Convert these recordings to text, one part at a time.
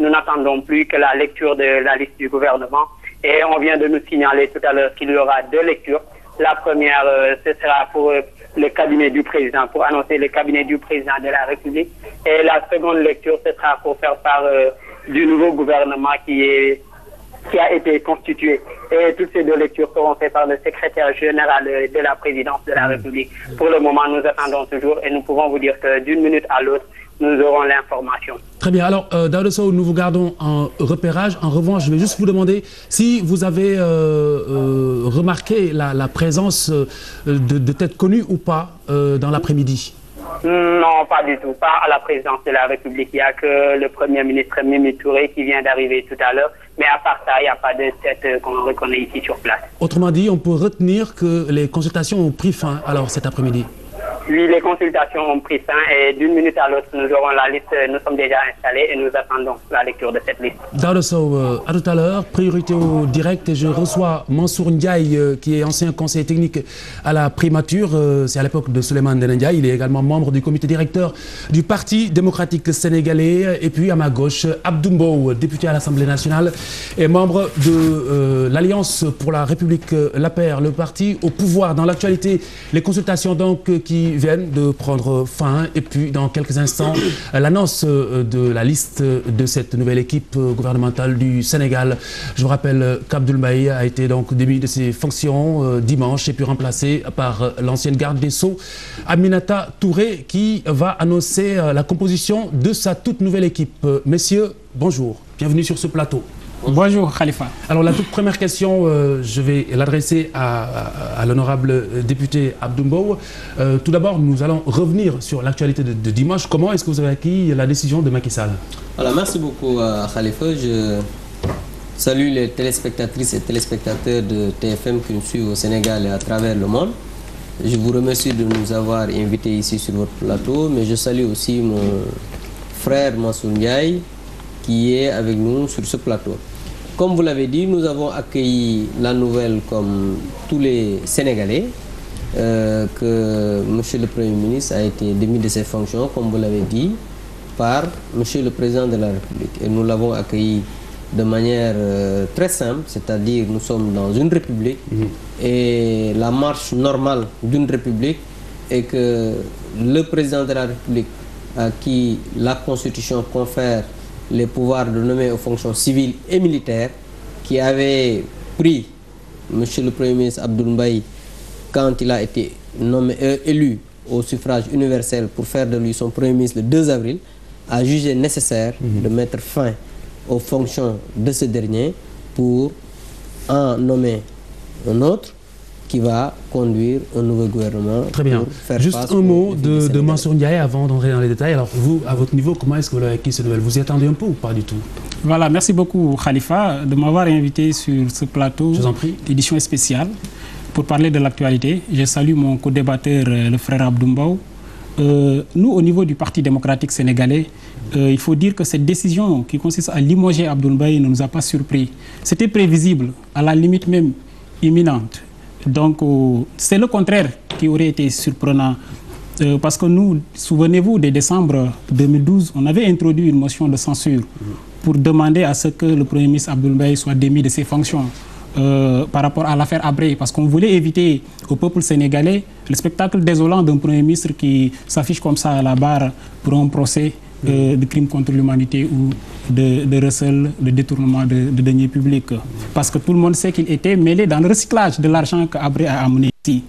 nous n'attendons plus que la lecture de la liste du gouvernement. Et on vient de nous signaler tout à l'heure qu'il y aura deux lectures. La première, euh, ce sera pour euh, le cabinet du président, pour annoncer le cabinet du président de la République. Et la seconde lecture, ce sera pour faire part euh, du nouveau gouvernement qui a été constitué. Et toutes ces deux lectures par le secrétaire général euh, de la présidence de la mmh. République. Pour le moment, nous attendons nous aurons l'information. Très bien. Alors, euh, Daouda Sow, nous vous gardons en repérage. En revanche, je vais juste vous demander si vous avez euh, euh, remarqué la, la présence euh, de, de, têtes connues ou pas euh, dans l'après-midi. Non, pas du tout. Pas à la présidence de la République. Il n'y a que le Premier ministre Mimi Touré qui vient d'arriver tout à l'heure. Mais à part ça, il n'y a pas de tête euh, qu'on reconnaît ici sur place. Autrement dit, on peut retenir que les consultations ont pris fin alors cet après-midi. Oui, les consultations ont pris fin et d'une minute à l'autre, nous aurons la liste. Nous sommes déjà installés et nous attendons la lecture de cette liste. Daouda Sow, euh, à tout priorité au Et je reçois Mansour Ndiaye, euh, qui est ancien conseiller technique à la primature. Euh, c'est à l'époque de Souleymane Ndiaye. Il est également membre du comité directeur du Parti démocratique sénégalais. Et puis à ma gauche, Abdoumbo, député à l'Assemblée nationale et de euh, qui viennent de prendre fin. Et puis, dans quelques instants, l'annonce euh, de la liste de cette nouvelle équipe euh, gouvernementale du Sénégal. Je vous rappelle qu'Abdoulmaï a été donc démis de ses fonctions euh, dimanche et puis remplacé par l'ancienne garde des Sceaux, Aminata Touré, qui va annoncer la composition de sa toute nouvelle équipe. Messieurs, bonjour. Bienvenue sur ce plateau. Bonjour Khalifa. Alors la toute question, euh, je vais l'adresser à, à, à l'honorable député Abdoumbo. Euh, tout d'abord, nous allons revenir sur l'actualité de, de, dimanche. Comment est-ce que vous avez acquis la décision de Macky Sall euh, Je salue les téléspectatrices et téléspectateurs de TFM qui suivent au Sénégal et à travers le monde. Je vous remercie de nous avoir invités ici sur votre plateau, mais je salue aussi mon frère Mansour qui est avec nous sur ce plateau. Comme vous l'avez dit, nous avons accueilli la nouvelle comme tous les Sénégalais. Euh, que M. le Premier ministre a été démis de ses fonctions, comme vous l'avez dit, par monsieur le Président de la République. Et nous l'avons accueilli de manière euh, très simple, c'est-à-dire nous sommes dans une République mhm. et la marche normale d'une République est que le Président de la République à qui la Constitution confère les pouvoirs de nommer aux fonctions civiles et militaires qui avait pris monsieur le Premier ministre Abdoul Mbaye quand il a été nommé euh, élu au suffrage universel pour faire de lui son Premier ministre le 2 avril a jugé nécessaire mm -hmm. de mettre fin aux fonctions de ce dernier pour en nommer un autre qui va Juste un mot de, de avant d'entrer dans les détails. à votre niveau, comment est-ce que vous l'avez acquis cette nouvelle Vous y attendez un peu ou pas du tout merci beaucoup Khalifa de m'avoir invité sur ce plateau d'édition spéciale pour parler de l'actualité. Je salue mon co euh, le frère Abdoumbaou. Euh, nous, au niveau du Parti démocratique sénégalais, euh, il faut dire que cette décision qui consiste à limoger Abdoul ne nous a pas surpris. C'était prévisible, donc euh, c'est le contraire qui aurait été surprenant euh, parce que nous, souvenez-vous, de décembre 2012, on avait introduit une motion de censure pour demander à ce que le Premier ministre Abdoulaye soit démis de ses fonctions euh, par rapport à l'affaire Abré, parce qu'on voulait éviter au peuple sénégalais le spectacle désolant d'un Premier ministre qui s'affiche comme ça à la barre pour un procès Euh, de, de contre l'humanité ou de, de recel, de détournement de, de deniers Parce que tout le monde sait qu'il était mêlé dans le recyclage de l'argent qu'Abré a amené ici.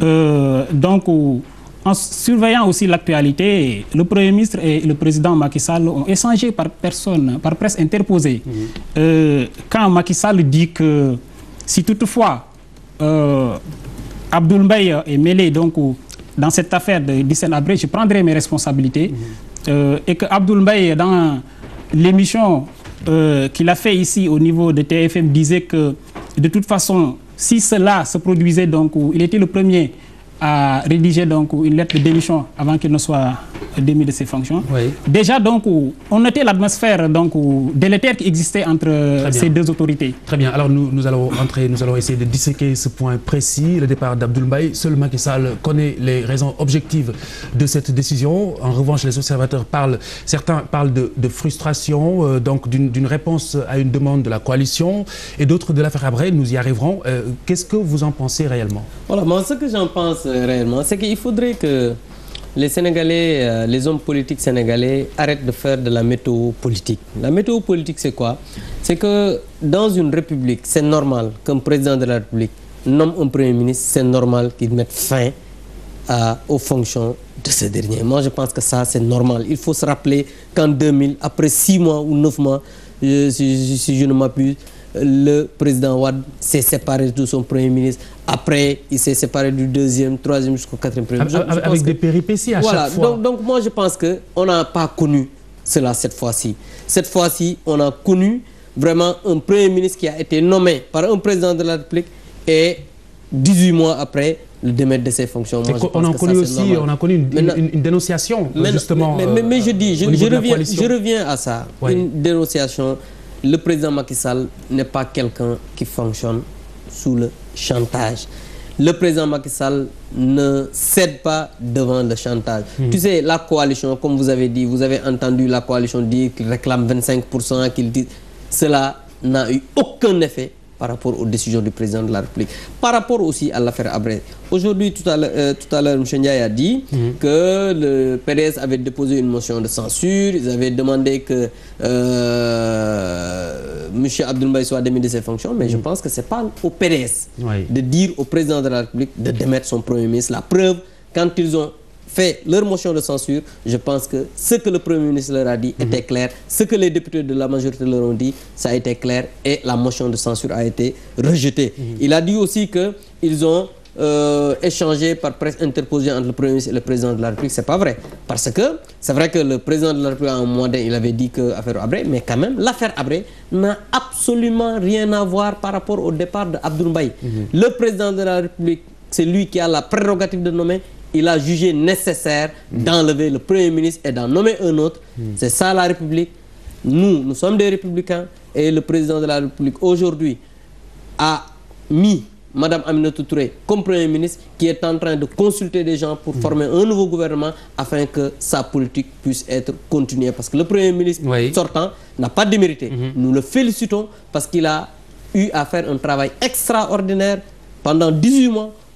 Euh, donc, en surveillant aussi l'actualité, le Premier ministre et le président Macky Sall ont échangé par personne, par presse interposée. Mmh. Euh, quand Macky Sall dit que si toutefois euh, Abdoul est mêlé donc, dans cette affaire de Dissène Abré, je prendrai mes responsabilités. Mhm. Euh, et que Abdoul Mbaye dans l'émission euh, qu'il a fait ici au niveau de TFM disait que de toute façon si cela se produisait donc il était le premier à rédiger donc une lettre de démission avant qu'il ne soit démis de ses fonctions. Oui. Déjà, donc, on notait l'atmosphère donc, délétère qui existait entre ces deux autorités. Très bien. Alors, nous, nous, allons entrer, nous allons essayer de disséquer ce point précis, le départ d'Abdoul Seul Macky Sall connaît les raisons objectives de cette décision. En revanche, les observateurs parlent, certains parlent de, de frustration, euh, donc d'une réponse à une demande de la coalition, et d'autres de l'affaire Abré. Nous y arriverons. Euh, Qu'est-ce que vous en pensez réellement Voilà, moi, ce que j'en pense euh, réellement, c'est qu'il faudrait que les Sénégalais, euh, les hommes politiques sénégalais arrêtent de faire de la météo politique. La météo politique, c'est quoi C'est que dans une république, c'est normal qu'un président de la République nomme un Premier ministre, c'est normal qu'il mette fin à, aux fonctions de ce dernier. Moi, je pense que ça, c'est normal. Il faut se rappeler qu'en 2000, après 6 mois ou 9 mois, je, euh, si, si, si je ne m'appuie, le président Wade s'est séparé de son premier ministre. Après, il s'est séparé du deuxième, troisième jusqu'au quatrième premier ministre. Avec, à chaque fois. Donc, je pense qu'on n'a pas connu cela cette fois-ci. Cette fois-ci, on a connu vraiment un premier ministre qui a été nommé par un président de la République et 18 mois après, le démettre de ses fonctions. Moi, on, a Mais, je euh, dis, je, reviens, à ça. Une dénonciation le président Macky Sall n'est pas quelqu'un qui fonctionne le chantage. Le président Macky Sall ne cède pas devant le chantage. Mmh. Tu sais, la coalition, comme vous avez dit, vous avez entendu la coalition dire qu'il réclame 25%, qu'il dit... Cela n'a eu par rapport aux décisions du président de la République par rapport aussi à l'affaire Abré aujourd'hui tout à l'heure euh, tout à l'heure monsieur Ndiaye a dit mm -hmm. que le PDS avait déposé une motion de censure ils avaient demandé que euh, monsieur Abdoul Mbaye soit démis de ses fonctions mais mm -hmm. je mhm. pense que c'est pas au PDS oui. de dire au président de la République de démettre son premier ministre la preuve quand ils ont fait leur motion de censure je pense que ce que le Premier ministre leur a dit mmh. était clair ce que les députés de la majorité leur ont dit ça a été clair et la motion de censure a été rejetée mmh. il a dit aussi que ils ont euh, échangé par presse interposée entre le Premier ministre et le président de la République c'est pas vrai parce que c'est vrai que le président de la République à un moment donné il avait dit que affaire Habré mais quand même l'affaire Habré n'a absolument rien à voir par rapport au départ de Abdoul Mbaye mmh. le président de la République c'est lui qui a la prérogative de nommer il a jugé nécessaire mmh. d'enlever le Premier ministre et d'en nommer un autre. Hmm. C'est la République. Nous, sommes des républicains et le président de la République aujourd'hui a mis Madame Aminata Touré comme Premier ministre qui est en train de consulter des gens pour mmh. former un nouveau gouvernement afin que sa politique puisse être continuée. Parce que le Premier ministre oui. sortant n'a pas démérité. Hmm. Nous le félicitons parce qu'il a eu à un travail extraordinaire pendant 18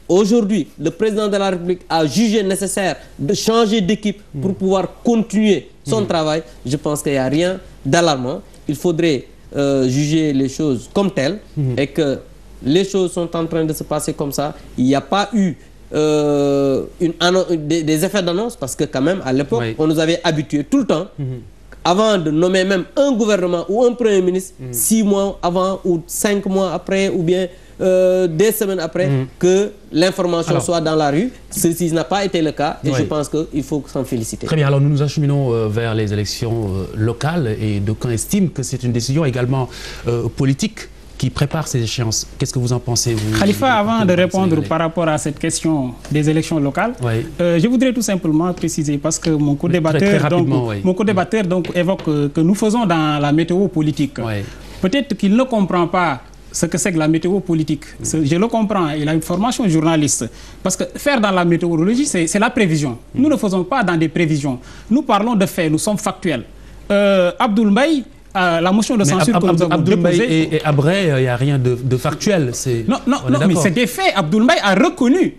aujourd'hui le président de la République a jugé nécessaire de changer d'équipe pour mm. pouvoir continuer son mm. travail je pense qu'il n'y a rien d'alarmant il faudrait euh, juger les choses comme telles mm-hmm. et que les choses sont en train de se passer comme ça il n'y a pas eu euh, une annonce, des, des effets d'annonce parce que quand même à l'époque oui. on nous avait habitués tout le temps mm-hmm. avant de nommer même un gouvernement ou un premier ministre mm. six mois avant ou cinq mois après ou bien euh, des semaines après mmh. que l'information alors, soit dans la rue. Ceci n'a pas été le cas et oui. je pense qu'il faut s'en féliciter. Très bien, alors nous nous acheminons euh, vers les élections euh, locales et d'aucuns estiment que c'est une décision également euh, politique qui prépare ces échéances. Qu'est-ce que vous en pensez vous, Khalifa, vous, avant vous de répondre par rapport à cette question des élections locales, oui. euh, je voudrais tout simplement préciser, parce que mon co-débatteur donc, oui. mon co-débatteur, donc évoque euh, que nous faisons dans la météo politique. Oui. Peut-être qu'il ne comprend pas ce que c'est que la météo politique. Mm. Je le comprends, il a une formation journaliste. Parce que faire dans la météorologie, c'est la prévision. Mm. Nous ne faisons pas dans des prévisions. Nous parlons de faits, nous sommes factuels. Euh, Abdoul Mbaye, euh, la motion de censure Ab Ab Ab déposée... Et, et après, il euh, n'y a rien de, de factuel. Non, non, non mais c'est des faits. Abdoul Mbaye a reconnu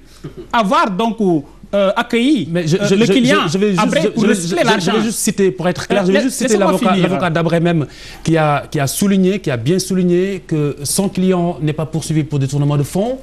avoir donc Euh, accueilli mais je, euh, je, le client je, je vais juste, après pour recycler l'argent. Je vais juste citer, pour être clair, je vais juste citer l'avocat d'Abré même qui a, qui a souligné, qui a bien souligné que son client n'est pas poursuivi pour détournement de fonds.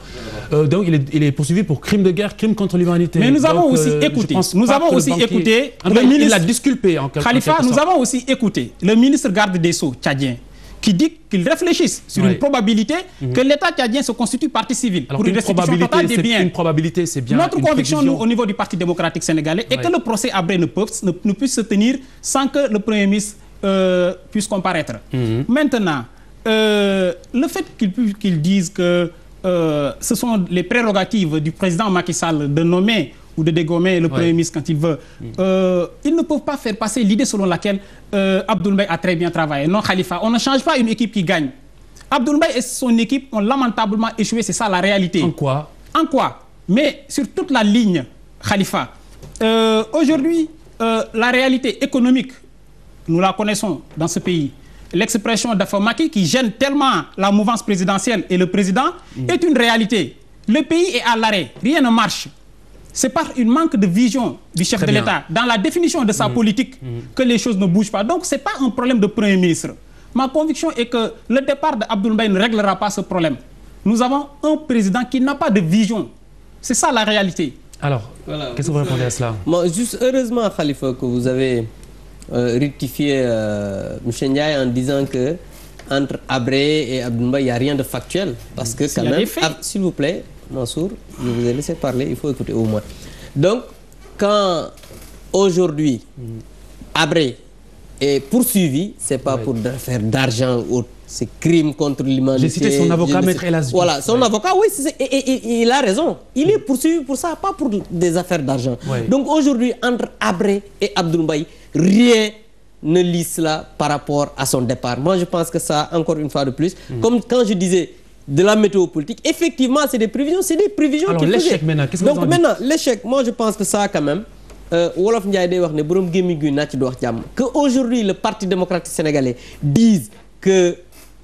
Euh, donc il est, il est, poursuivi pour crime de guerre, crime contre l'humanité. Mais nous avons donc, euh, aussi euh, écouté, nous avons aussi banquier... écouté le ministre... Il a disculpé en quelque, Khalifa, en quelque sorte. nous avons aussi écouté le ministre garde des Sceaux tchadien qui dit qu'ils réfléchissent sur oui. une probabilité mmh. que l'État tchadien se constitue partie civile Alors pour une, restitution totale des bien. Notre conviction, au niveau du Parti démocratique sénégalais, oui. que le procès à Bray ne, ne, puisse se tenir sans que le Premier ministre euh, puisse comparaître. Mhm. Maintenant, euh, le fait qu'ils qu disent que euh, ce sont les prérogatives du président Macky Sall de nommer ou de dégommer le Premier ministre quand il veut. Mm. Euh, ils ne peuvent pas faire passer l'idée selon laquelle euh, a très bien travaillé. Non, Khalifa, on ne change pas une équipe qui gagne. Abdoul Mbaye et son équipe ont lamentablement échoué, c'est ça la réalité. En quoi Mais sur toute la ligne, Khalifa. Euh, aujourd'hui, euh, la réalité économique, nous la connaissons dans ce pays. L'expression d'Afamaki qui gêne tellement la mouvance présidentielle et le président mm. est réalité. Le à l'arrêt, rien c'est par une manque de vision du chef de l'État dans la définition de sa mmh. politique mm. que les choses ne bougent pas. Donc c'est pas un problème de Premier ministre. Ma conviction est que le départ d'Abdoul Mbaye ne réglera pas ce problème. Nous avons un président qui n'a pas de vision. C'est ça la réalité. Alors, voilà, qu'est-ce que vous répondez à cela Moi, juste heureusement, Khalifa, que vous avez euh, rectifié euh, M. Ndiaye en disant que entre Abré et Abdoumba, il n'y a rien de factuel. Parce que quand même, ah, s'il vous plaît, Mansour, je vous ai laissé parler, il faut écouter au moins. Donc, quand aujourd'hui, Abré est poursuivi, c'est pas ouais. pour faire d'argent ou autre. C'est crime contre l'humanité. J'ai cité son avocat, Maître Elas. Voilà, son ouais. avocat, oui, et, et, et, il a raison. Il est poursuivi pour ça, pas pour des affaires d'argent. Ouais. Donc aujourd'hui, entre Abré et Abdoulaye, rien ne lit cela par rapport à son départ. Moi, je pense que ça, encore une fois de plus, mm. comme quand je disais, de la météo politique effectivement c'est des prévisions c'est des prévisions alors l'échec maintenant qu'est-ce que donc euh, day wax ne boroom gémmiñ guy nàcc du wax jàmm que aujourd'hui le parti démocratique sénégalais dise que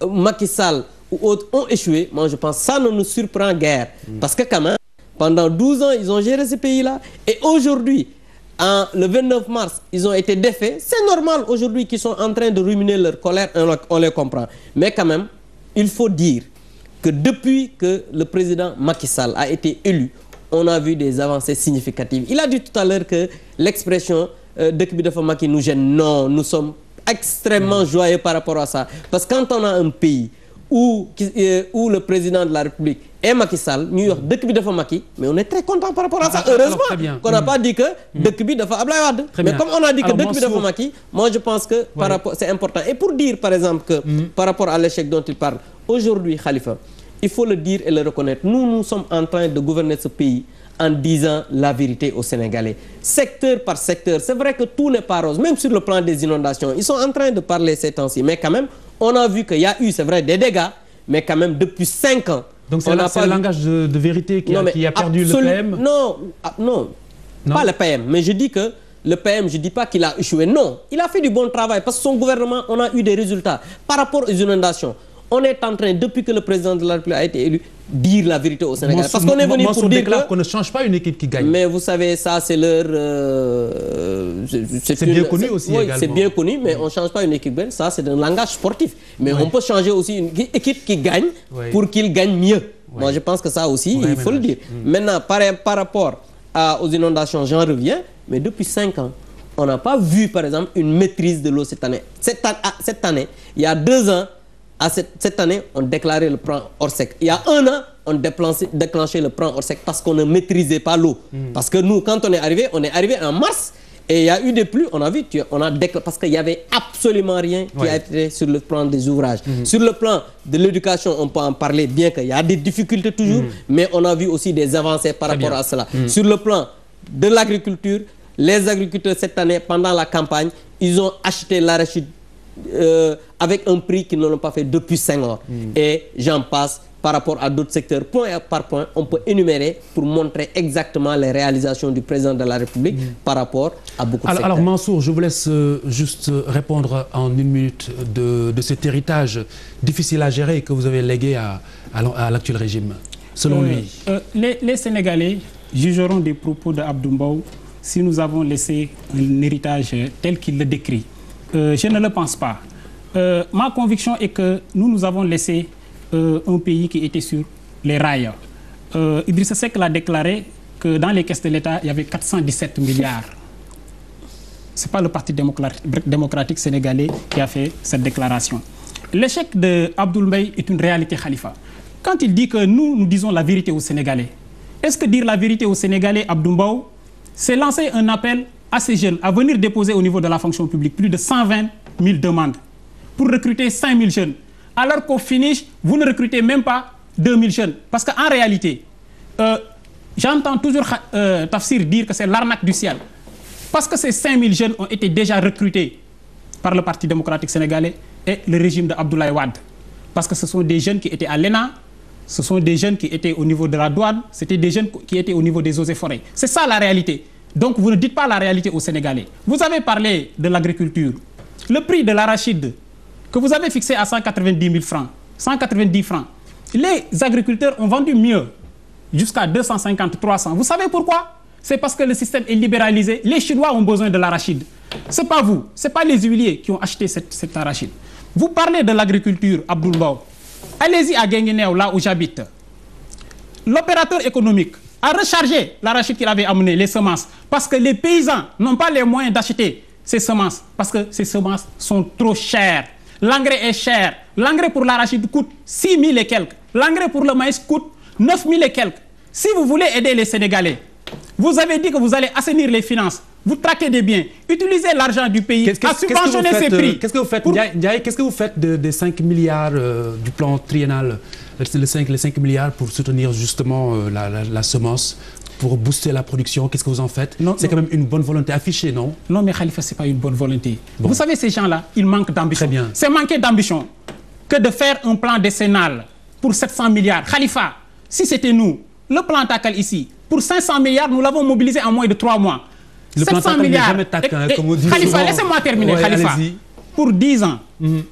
euh, Sall ou autres ont échoué pense ça ne nous surprend guère mm. que quand même pendant 12 ans ils ont géré ce pays là et aujourd'hui en le mars ils ont été défaits c'est normal aujourd'hui de ruminer leur colère on les comprend mais quand il faut dire que depuis que le président Macky Sall a été élu on a vu des avancées significatives il a dit tout à l'heure que l'expression euh, dëkk bi dafa Macky nous gêne non nous sommes extrêmement mm. joyeux par rapport à ça parce que quand on a un pays où euh, où le président de la République et Macky Sall ñuy wax dëkk bi dafa Macky mais on est très content par rapport à ça ah, heureusement qu'on n'a mm. dit que mm. dëkk bi dafa Ablaye Wade mais a je pense que c'est important et pour dire aujourd'hui Khalifa il faut le dire et le reconnaître nous nous sommes en train de gouverner ce pays en disant la vérité aux Sénégalais secteur par secteur c'est vrai que tout n'est pas rose même sur le plan des inondations ils sont en train de parler ces temps mais quand même on a vu qu'il y a eu c'est vrai des dégâts mais quand même depuis cinq ans le langage de, de vérité qui, non, a, qui a perdu le PM ah, non pas le PM mais je dis que le PM je dis pas qu'il a échoué non il a fait du bon travail parce que son gouvernement par rapport aux on est en train depuis que le président de la République a été élu dire la vérité au Sénégal parce qu'on est venu pour dire que qu'on ne change pas une équipe qui gagne mais vous savez ça c'est leur euh, c'est bien connu aussi oui, également c'est bien connu mais oui. on change pas une équipe gagne ça c'est un langage sportif mais oui. on peut changer aussi une équipe qui gagne pour qu'il gagne mieux moi je pense que ça aussi il faut ménage. le dire mmh. maintenant par, par rapport à, aux inondations j'en reviens mais depuis cinq ans on n'a pas vu par exemple une maîtrise de l'eau cette année cette, ah, cette année il y a deux ans à cette, cette année, on déclarait le plan Orsec. Il y a un an, on déclenchait le plan Orsec parce qu'on ne maîtrisait pas l'eau. Hmm. Parce que nous, quand on est arrivé, on y a eu des pluies, on a vu, parce qu'il n'y avait absolument rien qui a été sur le plan des ouvrages. Hmm. Sur le plan de l'éducation, on peut en parler, bien qu'il y a des difficultés toujours, mmh. mais on a vu aussi des avancées par rapport à cela. Hmm. Sur le plan de l'agriculture, les agriculteurs cette année, pendant la campagne, ils ont acheté l'arachide euh, avec un prix qu'ils n'ont pas fait depuis cinq ans. Mm. Et j'en passe par rapport à d'autres secteurs, point par point, on peut énumérer pour montrer exactement les réalisations du président de la République mm. par rapport à beaucoup de alors, secteurs. Alors Mansour, je vous laisse euh, juste euh, répondre en une minute de, de cet héritage difficile à gérer que vous avez légué à, à, à l'actuel régime, selon euh, lui. Euh, les, les, Sénégalais jugeront des propos de Abdou Mbow si nous avons laissé un héritage tel qu'il le décrit. Euh, je ne pas. Euh, conviction est que nous, nous avons laissé euh, un pays qui était sur les rails. Euh, Idrissa Seck l'a déclaré que les caisses de l'État, il y avait 417 milliards. Parti démocratique sénégalais qui a fait cette déclaration. de Abdoul est une réalité Khalifa. Quand il dit que nous, nous disons la vérité aux Sénégalais, est-ce que dire la vérité aux Sénégalais, Abdoul à ces jeunes à venir déposer au niveau de la fonction publique plus de 120 000 demandes pour recruter 5 000 jeunes alors qu'au finish vous ne recrutez même pas parce que en réalité euh, j'entends toujours euh, Tafsir dire que c'est l'arnaque du ciel parce que ces 5 000 jeunes ont été déjà recrutés par le Parti démocratique sénégalais et le régime de Abdoulaye Wade parce que ce sont des jeunes qui étaient à l'ENA ce sont des jeunes qui étaient au niveau de la douane c'était des jeunes Donc vous ne dites pas la réalité aux Sénégalais. Vous avez Le prix de l'arachide que vous avez fixé à 190 000 francs, 190 francs, les agriculteurs ont vendu mieux, jusqu'à 250, 300. Vous savez pourquoi? C'est parce que le système est libéralisé. Les Chinois ont besoin de l'arachide. C'est pas vous, c'est pas les huiliers qui ont acheté cette, cette arachide. Vous parlez de économique à recharger l'arachide qu'il avait amené, les semences, parce que les paysans n'ont pas les moyens d'acheter ces semences, parce que ces semences sont trop chères. L'engrais est cher. L'engrais pour l'arachide coûte 6 000 et quelques. L'engrais pour le maïs coûte 9 000 et quelques. Si vous voulez aider les Sénégalais, vous avez dit que vous allez assainir les finances. Vous traquez des biens, utilisez l'argent du pays qu -ce, qu -ce, à subventionner ces euh, prix. Qu'est-ce que vous faites, Qu'est-ce que vous faites, pour... qu que vous faites de, des 5 milliards euh, du plan triennal verser les 5, les 5 milliards pour soutenir justement euh, la, la, la, semence, pour booster la production. Qu'est-ce que vous en faites C'est quand même une bonne volonté affichée, non Non, mais Khalifa, ce n'est pas une bonne volonté. Bon. Vous savez, ces gens-là, ils manquent d'ambition. Très bien. C'est manquer d'ambition que de faire un plan décennal pour 700 milliards. Khalifa, si c'était nous, le plan TACAL ici, pour 500 milliards, nous l'avons mobilisé en moins de 3 mois. Le 700 plan milliards. Jamais taquin, et, eh, et, eh, comme on dit Khalifa, laissez-moi terminer, ouais, Khalifa. Pour 10 ans, mm -hmm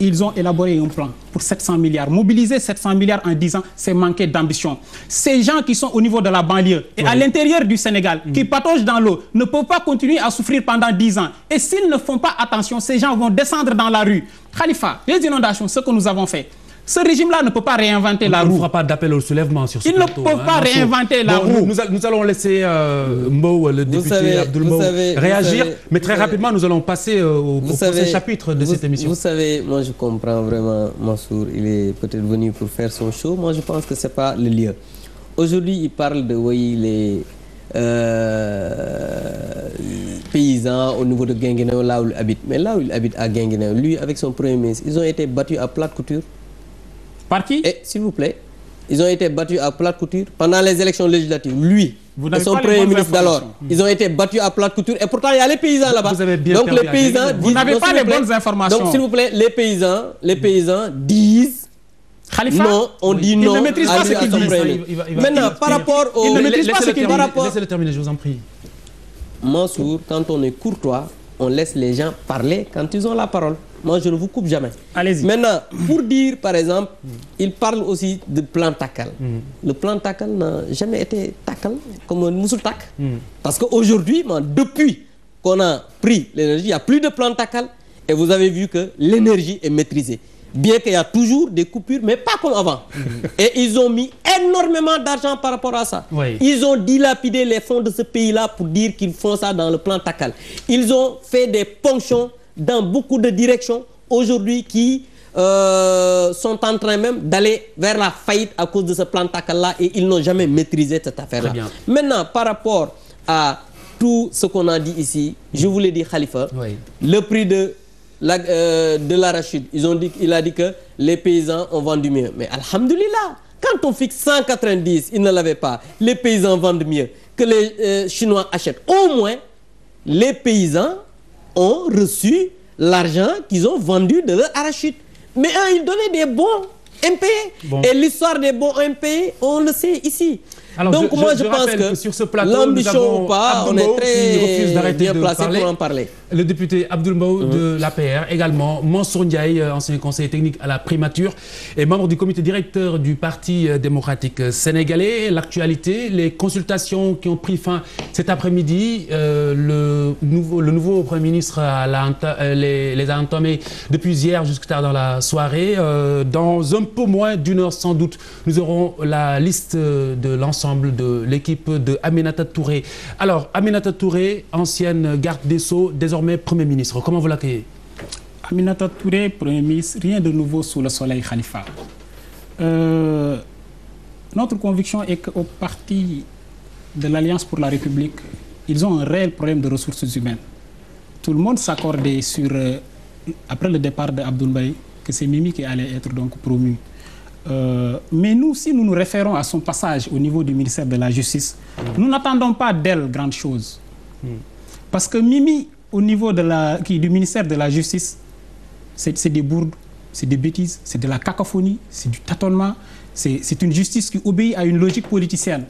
ils ont élaboré un plan pour 700 milliards. Mobiliser milliards en 10 ans, c'est manquer d'ambition. Ces gens qui sont au niveau de la banlieue et ouais. à l'intérieur du Sénégal, mmh. qui patauchent dans l'eau, ne peuvent pas continuer à souffrir pendant 10 ans. Et s'ils ne font pas attention, ces gens vont descendre dans la rue. Khalifa, les inondations, ce que nous avons fait, ce régime-là ne peut pas réinventer on la roue. On ne fera pas d'appel au soulèvement sur ce Ils plateau. Ils ne peuvent pas hein, réinventer la bon, roue. Nous, nous, allons laisser euh, Mbow, le député savez, Abdoul Mbow, savez, réagir. Savez, mais très rapidement, nous allons passer euh, au, au prochain chapitre de vous, cette émission. Vous savez, moi je comprends vraiment Mansour. Il est peut-être venu pour faire son show. Moi je pense que ce n'est pas le lieu. Aujourd'hui, il parle de, voyez, les euh, paysans au niveau de Guinguinéo, là où il habite. Mais là où il habite à Guinguinéo, lui, avec son premier ministre, ils ont été battus à plate couture. Par qui Et eh, s'il vous plaît, ils ont été battus à plate couture pendant les élections législatives. Lui, vous et son premier ministre d'alors, mmh. ils ont été battus à plate couture et pourtant il y a les paysans là-bas. Donc les paysans disent Khalifa Non, on dit non. Il ne maîtrise pas ce ce qu'il dit. Laissez-le terminer, je vous en prie. Mansour, quand on est courtois, on laisse les gens parler quand ils ont la parole. moi je ne vous coupe jamais. Allez-y. Maintenant, pour dire par exemple, il parle aussi de plan Takkal. Mm. Le plan Takkal n'a jamais été takal comme un musul tak. Mm. Parce qu'aujourd'hui, depuis qu'on a pris l'énergie, il n'y a plus de plan Takkal et vous avez vu que l'énergie est maîtrisée. Bien qu'il y a toujours des coupures, mais pas comme avant. Mm. Et ils ont mis énormément d'argent par rapport à ça. Oui. Ils ont dilapidé les fonds de ce pays-là pour dire qu'ils font ça dans le plan Takkal. Ils ont fait des ponctions dans beaucoup de directions aujourd'hui qui euh, sont en train même d'aller vers la faillite à cause de ce plan Takala et ils n'ont jamais maîtrisé cette affaire-là. Maintenant, par rapport à tout ce qu'on a dit ici, je vous l'ai Khalifa, le prix de la, euh, de l'arachide, ils ont dit, il a que les paysans ont vendu mieux. Mais alhamdulillah, quand on fixe 190, ils ne l'avaient pas, les paysans vendent mieux, que les euh, Chinois achètent. Au moins, les paysans ont reçu l'argent qu'ils ont vendu de leur arachide. Mais eux, ils donnaient des bons impayés. Bon. Et l'histoire des bons impayés, on le sait ici. Alors, Donc je, moi je, je pense que, que sur ce plateau, l'ambition ou pas, Abdou on Mbaw, est très bien placé pour en parler. Le député Abdoul Mbaw mmh. de l'APR, également Mansour Ndiaye, euh, ancien conseiller technique à la primature et membre du comité directeur du Parti euh, démocratique euh, sénégalais. L'actualité, les consultations qui ont pris fin cet après-midi, euh, le, nouveau, le nouveau Premier ministre a la, les, les, a entamés depuis hier jusqu'à tard dans la soirée. Euh, dans un peu moins d'une heure sans doute, nous aurons la liste de l'ensemble l'ensemble de l'équipe de Aminata Touré. Alors, Aminata Touré, ancienne garde des Sceaux, désormais Premier ministre, comment vous l'accueillez Aminata Touré, Premier ministre, rien de nouveau sous le soleil Khalifa. Euh, notre conviction est qu'au parti de l'Alliance pour la République, ils ont un réel problème de ressources humaines. Tout le monde s'accordait euh, après le départ de que c'est Mimi qui allait donc promu. Euh, mais nous, si nous nous référons à son passage au niveau du ministère de la Justice, mmh. nous n'attendons pas d'elle grande chose. Mmh. Parce que Mimi, au niveau de la, qui, du ministère de la Justice, c'est des bourdes, c'est des bêtises, c'est de la cacophonie, c'est du tâtonnement, c'est une justice qui obéit à une logique politicienne.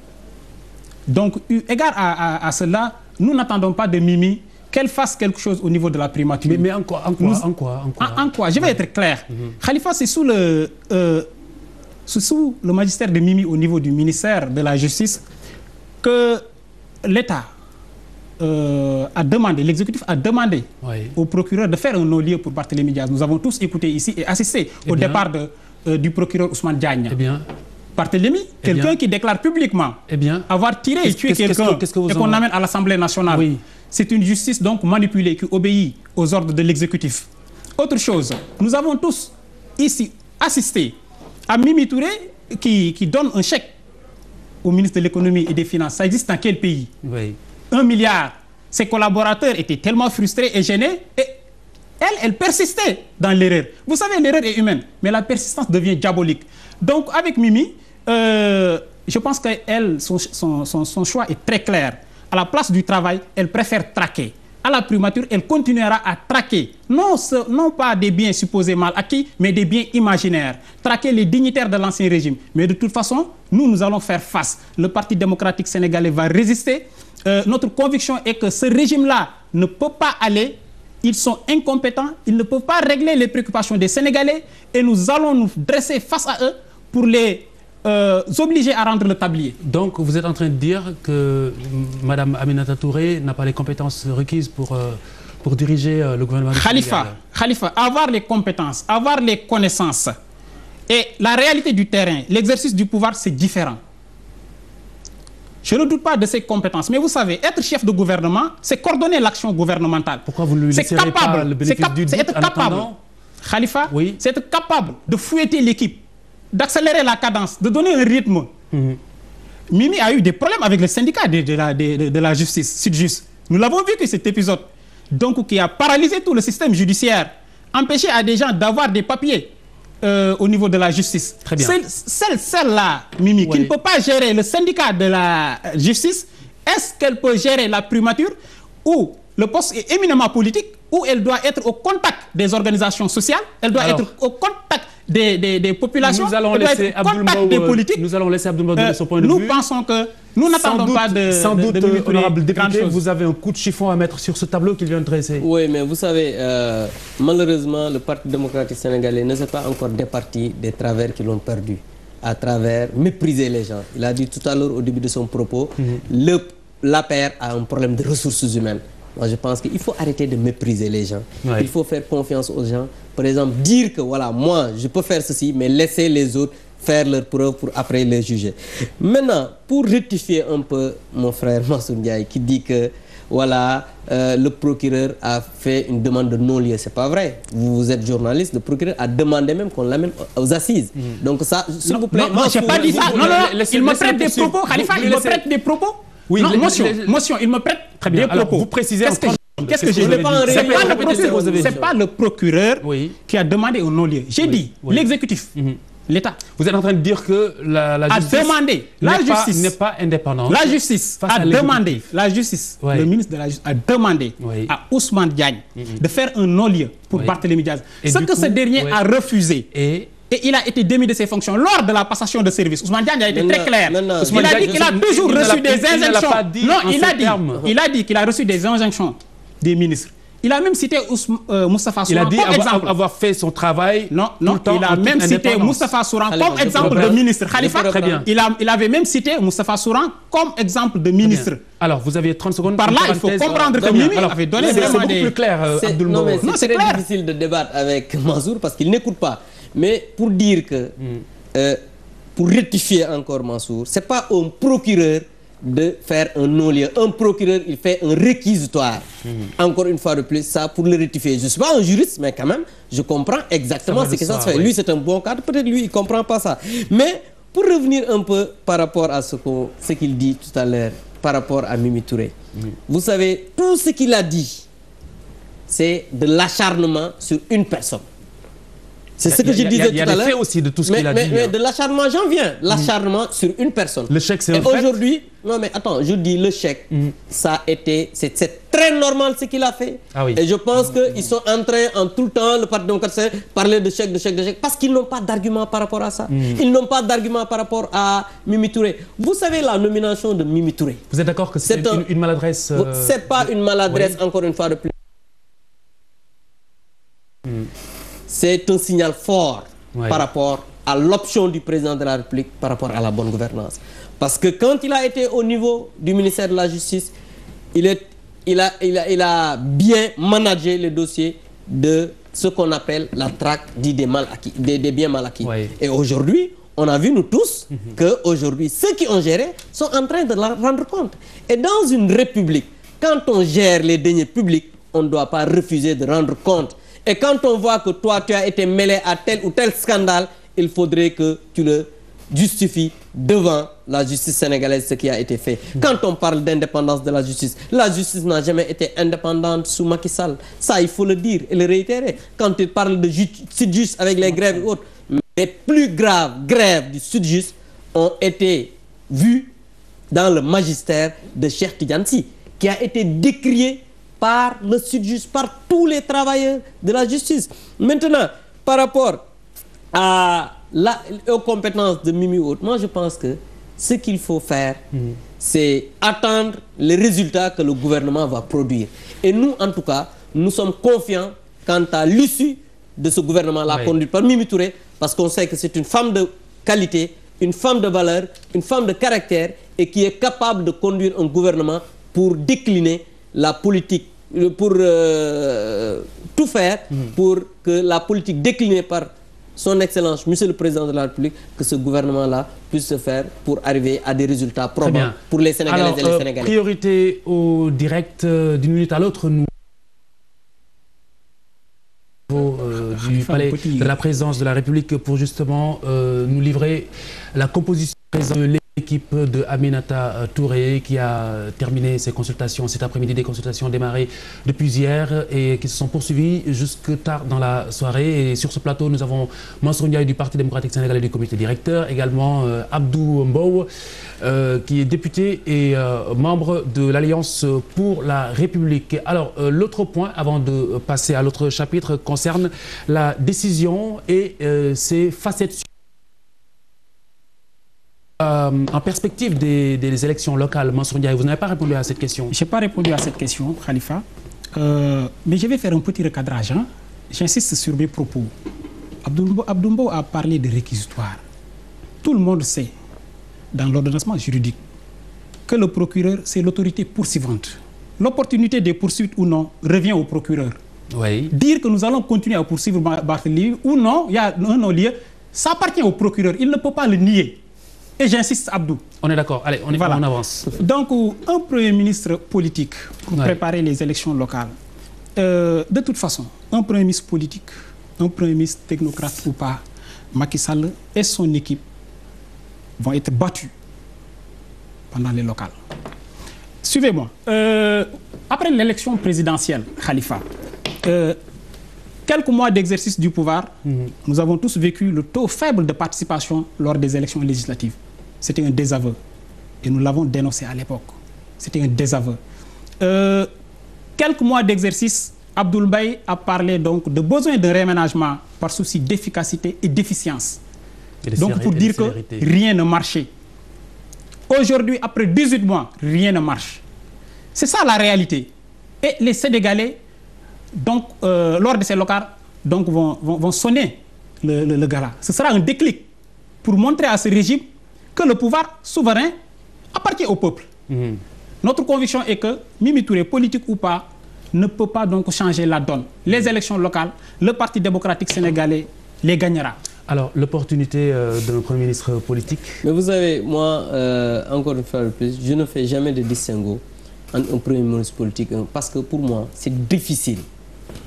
Donc, égard à, à, à cela, nous n'attendons pas de Mimi qu'elle fasse quelque chose au niveau de la primature. Mais, mais en, quoi, en, quoi, Nous, en, quoi, en quoi ah, En quoi, Je vais ouais. être clair. Mmh. Khalifa, c'est sous le... Euh, sous le magistère de Mimi au niveau du ministère de la Justice que l'État euh, a demandé, l'exécutif a demandé oui. au procureur de faire un non-lieu pour Barthélémy Diaz. Nous avons tous écouté ici et assisté eh au départ euh, du procureur Ousmane Diagne. Eh bien, eh quelqu'un qui déclare publiquement avoir tiré et qu que, qu que et qu'on en... amène à l'Assemblée nationale. Oui. C'est une justice donc manipulée qui obéit aux ordres de l'exécutif. Autre chose, nous avons tous ici assisté à Mimi Touré qui qui donne un chèque au ministre de l'économie et des finances ça existe dans quel pays oui. un milliard ses collaborateurs étaient tellement frustrés et gênés et elle elle persistait dans l'erreur vous savez l'erreur est humaine mais la persistance devient diabolique donc avec Mimi euh, je pense que elle son, son son son choix est très clair à la place du travail elle préfère traquer à la primature, elle continuera à traquer, non, ce, pas des biens supposés mal acquis, mais des biens imaginaires, traquer les dignitaires de l'ancien régime. Mais de toute façon, nous, nous allons faire face. Le Parti démocratique sénégalais va résister. Euh, notre conviction est que ce régime-là ne peut pas aller ils sont incompétents, ils ne peuvent pas régler les préoccupations des Sénégalais et nous allons nous dresser face à eux euh, obligés à rendre le tablier. Donc vous êtes en train de dire que Mme Aminata Touré n'a pas les compétences requises pour, euh, diriger euh, le gouvernement Khalifa, avoir les connaissances et la réalité du terrain, l'exercice du pouvoir, c'est différent. Je ne doute pas de ses compétences. Mais vous savez, être chef de gouvernement, c'est coordonner l'action gouvernementale. Pourquoi vous ne lui laissez pas le bénéfice du doute C'est être Khalifa, c'est capable de fouetter d'accélérer la cadence, de donner un rythme. Mmh. Mimi a eu des problèmes avec le syndicat de, de, la, de, de la justice, Sudjust. Nous l'avons vu que cet épisode, donc qui a paralysé tout le système judiciaire, empêché à des gens d'avoir des papiers euh, au niveau de la justice. Très bien. Celle, celle, celle là, Mimi, ouais. qui ne peut pas gérer le syndicat de la euh, justice, est-ce qu'elle peut gérer la primature où le poste est éminemment politique où elle doit être au contact des organisations sociales, elle doit être au contact des, des, des populations, nous allons elle doit être au contact Maou, des euh, politiques. Nous allons laisser Abdoul Mbaou donner euh, son de nous vue. Nous avez un coup de chiffon à mettre sur ce tableau qu'il vient de dresser. Oui, mais vous savez, euh, le Parti démocratique sénégalais ne s'est pas encore départi des travers qui l'ont perdu à travers mépriser les gens. Il a dit tout à l'heure au début de son propos, mm -hmm. le l'APR a moi je pense qu'il faut arrêter de mépriser les gens ouais. il faut faire confiance aux gens par exemple dire que voilà moi je peux faire ceci mais laisser les autres faire leurs preuves pour après les juger maintenant pour rectifier un peu mon frère Mansour Ndiaye qui dit que voilà euh, le procureur a fait une demande de non-lieu c'est pas vrai vous, vous êtes journaliste le procureur a demandé même qu'on l'amène aux assises mm -hmm. donc ça s'il vous plaît non, non j'ai pas dit ça non non il me prête des propos Khalifa il me prête des propos Oui, non, les, motion, les, il me prête Qu'est-ce que Qu'est-ce que C'est pas, le procureur qui a demandé un non-lieu. J'ai dit l'exécutif, mhm. l'État. Vous êtes en train de dire que la, justice a demandé. La justice a La le ministre de la justice a demandé à Ousmane Diagne mhm. de faire un non-lieu pour Barthélémy Diaz. Ce que ce dernier a refusé. et il a été démis de de la service Ousmane Diagne a été très clair non, non, il a dit qu'il il a dit qu'il a reçu des injonctions des ministres il a même cité Moustapha Souran comme exemple. de ministre. Khalifa, Il, avait même cité Moustapha Souran comme exemple de ministre. Par là, il faut comprendre que Mimi avait donné vraiment des... C'est beaucoup plus clair, euh, Abdoul Non, mais c'est très pas. mais pour dire que mm. euh, pour rectifier encore Mansour c'est pas un procureur de faire un non-lieu un procureur il fait un réquisitoire mm. encore une fois de plus ça pour le rectifier je suis pas un juriste mais quand même je comprends exactement ce que ça se fait lui c'est un bon cadre peut-être lui il comprend pas ça mais pour revenir un peu par rapport à ce qu'on ce qu'il dit tout à l'heure par rapport à Mimi Touré mm. vous savez tout ce qu'il a dit c'est de l'acharnement sur une personne C'est ce que je disais tout à l'heure. aussi de tout ce qu'il a dit. Mais de l'acharnement, j'en viens. Mm. L'acharnement sur une personne. Le chèque, c'est un fait. aujourd'hui, non mais attends, je dis le chèque, mm. ça a été, c'est très normal ce qu'il a fait. Ah Et je pense qu'ils sont en train, en tout le temps, le Parti démocratique, parler de chèque, de chèque, de chèque, parce qu'ils mm. n'ont pas d'argument par rapport à Mimi Touré. Vous savez la nomination de Mimi Touré. Vous êtes d'accord que c'est c'est un signal fort ouais. par rapport à l'option du président de la République par rapport à la bonne gouvernance parce que quand il a été au niveau du ministère de la Justice il est il a il a il a bien managé le dossier de ce qu'on appelle la traque dit des mal acquis des, des biens mal acquis ouais. et aujourd'hui on a vu nous tous mhm. que aujourd'hui ceux qui ont géré sont en train de la rendre compte et dans une république quand on gère les deniers publics on ne doit pas refuser de rendre compte Et quand on voit que toi, tu as été mêlé à tel ou tel scandale, il faudrait que tu le justifies devant la justice sénégalaise ce qui a été fait. Quand on parle d'indépendance de la justice, la justice n'a jamais été indépendante sous Macky Sall. Ça, il faut le dire et le Quand il parle de Sudjust avec les grèves et autres, les plus graves grèves du Sudjust ont été vues dans le magistère de Cheikh Tidiane Sy, qui a été décrié par le SYTJUST, par tous les travailleurs de la justice. Maintenant, par rapport à la, aux compétences de Mimi Haute, moi je pense que ce qu'il faut faire, mmh. c'est attendre les résultats que le gouvernement va produire. Et nous, en tout cas, nous sommes confiants quant à l'issue de ce gouvernement-là oui. conduit par Mimi Touré, parce qu'on sait que c'est une femme de qualité, une femme de valeur, une femme de caractère et qui est capable de conduire un gouvernement pour décliner la politique euh, pour euh, tout faire hmm. pour que la politique déclinée par son excellence monsieur le président de la République que ce gouvernement puisse se faire pour arriver à des résultats probants pour les Sénégalais Alors, et les euh, Sénégalais. priorité au direct d'une minute à l'autre nous ah, du palais de la présidence de la République pour justement nous livrer la composition de L'équipe de Aminata euh, Touré qui a euh, terminé ses consultations cet après-midi, des consultations démarrées depuis hier et qui se sont poursuivies jusque tard dans la soirée. Et sur ce plateau, nous avons Mansour du Parti démocratique sénégalais du comité directeur, également euh, Abdou Mbow qui est député et membre de l'Alliance pour la République. Alors, l'autre point avant de passer à l'autre chapitre concerne la décision et ses facettes. Euh, en perspective des, des élections locales, Mansour Ndiaye, vous n'avez pas répondu à cette question. Je n'ai pas répondu à cette question, Khalifa. Euh, mais je vais faire un petit recadrage. Hein. J'insiste sur mes propos. Abdoumbo, Abdoumbo a parlé de réquisitoire. Tout le monde sait, dans l'ordonnancement juridique, que le procureur, c'est l'autorité poursuivante. L'opportunité des poursuites ou non revient au procureur. Oui. Dire que nous allons continuer à poursuivre Barthélémy ou non, il a un non-lieu, ça appartient Et j'insiste, Abdou. On est d'accord. Allez, on, est, voilà. on Donc, un Premier ministre politique pour ouais. préparer les élections locales, euh, de toute façon, un Premier ministre politique, un Premier ministre Sall et son équipe vont être battus pendant les locales. Suivez-moi. Euh, après l'élection présidentielle, Khalifa, euh, quelques mois d'exercice du pouvoir, mmh. nous avons tous vécu le taux faible de participation lors des élections législatives. C'était un désaveu. Et nous l'avons dénoncé à l'époque. C'était un désaveu. Euh, quelques mois d'exercice, Abdoul Baye a parlé donc de besoin de réménagement par souci d'efficacité et d'efficience. Donc pour dire que rien ne marchait. Aujourd'hui, après 18 mois, rien ne marche. C'est ça la réalité. Et les Sénégalais, donc, euh, lors de ces locales, donc, vont, sonner le, le, gala. Ce sera un déclic pour montrer à ce régime que le pouvoir souverain appartient au peuple. Mmh. Notre conviction est que Mimi Touré, politique ou pas, ne peut pas donc changer la donne. Les mhm. élections locales, le Parti démocratique sénégalais les gagnera. Alors, l'opportunité euh, d'un Premier ministre politique Mais vous savez, moi, euh, encore une fois de plus, je ne fais jamais de distinguo entre un Premier ministre politique parce que pour moi, c'est difficile,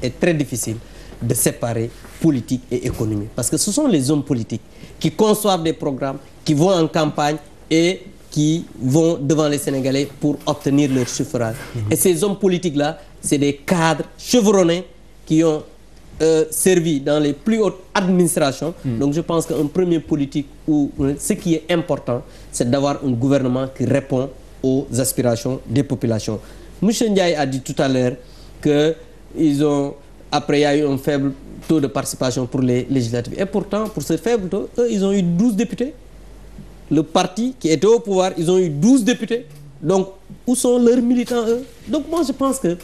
et très difficile, de séparer politique et économie. Parce que ce sont les hommes politiques qui conçoivent des programmes, qui vont en campagne et qui vont devant les Sénégalais pour obtenir leur suffrage. Mmh. Et ces hommes politiques-là, c'est des cadres chevronnés qui ont euh, servi dans les plus hautes administrations. Mmh. Donc je pense qu'un premier politique ou ce qui est important, c'est d'avoir un gouvernement qui répond aux aspirations des populations. Monsieur Ndiaye a dit tout à l'heure que ils ont après il y a eu un faible taux de participation pour les législatives. Et pourtant, pour ce faible taux, eux, ils ont eu 12 députés. le parti qui était au pouvoir ils ont eu douze députés donc où sont leur militants eux donc moi je pense que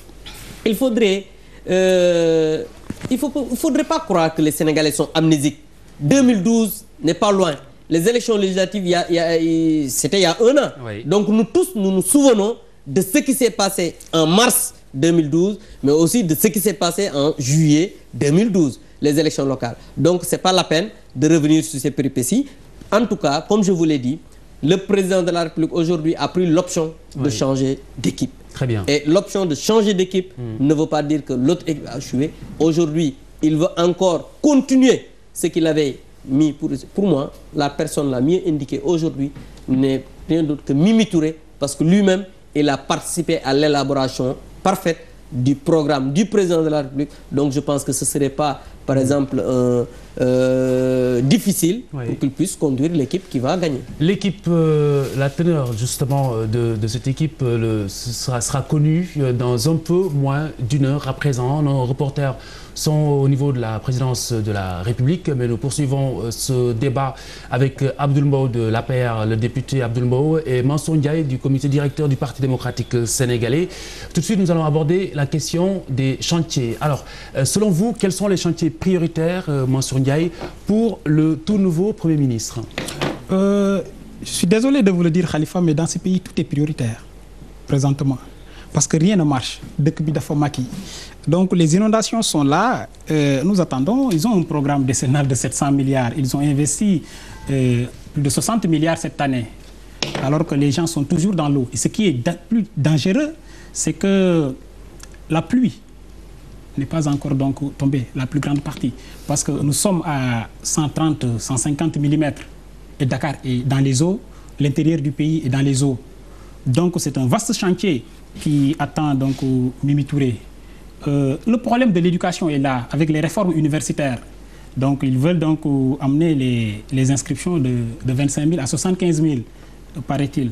il faudrait euh, il faut il faudrait pas croire que les Sénégalais sont amnésiques 2012 n'est pas loin les élections législatives il y a, il y a c'était il y a un an oui. donc nous tous nous nous souvenons de ce qui s'est passé en mars 2012 mais aussi de ce qui s'est passé en juillet les élections locales donc c'est pas la peine de revenir sur ces péripéties en tout cas comme je vous l'ai dit le président de la République aujourd'hui a pris l'option oui. de changer d'équipe très bien et l'option de changer d'équipe mm. ne veut pas dire que l'autre équipe a échoué aujourd'hui il veut encore continuer ce qu'il avait mis pour pour moi la personne la mieux indiquée aujourd'hui n'est rien d'autre que Mimi Touré parce que lui-même il a participé à l'élaboration parfaite du programme du président de la République donc je pense que ce serait pas par exemple un euh, difficile oui. pour qu'il puisse conduire l'équipe qui va gagner. L'équipe, euh, la teneur justement euh, de, de cette équipe euh, le, sera, sera connue euh, dans un peu moins d'une heure à présent. Nos reporters sont au niveau de la présidence de la République, mais nous poursuivons ce débat avec Abdoul Mbaw de l'APR, le député Abdoul Mbaw, et Manson Ndiaye du comité directeur du Parti démocratique sénégalais. Tout de suite, nous allons aborder la question des chantiers. Alors, selon vous, quels sont les chantiers prioritaire, euh, Mansour Ndiaye, pour le tout nouveau Premier ministre euh, Je suis désolé de vous le dire, Khalifa, mais dans ce pays, tout est prioritaire, présentement. Parce que rien ne marche. Donc les inondations sont là, euh, nous attendons, ils ont un programme décennal de 700 milliards, ils ont investi euh, plus de 60 milliards cette année, alors que les gens sont toujours dans l'eau. Et ce qui est plus dangereux, c'est que la pluie n'est pas encore donc tombée, la plus grande partie. que nous sommes à 130, 150 mm et Dakar est dans les eaux, l'intérieur du pays est dans les eaux. Donc c'est un vaste chantier qui attend donc euh, Mimi Touré. Euh, le problème de l'éducation est là, avec les réformes Donc ils veulent donc euh, amener les, les inscriptions de, de 25 000 à 75 000, paraît-il.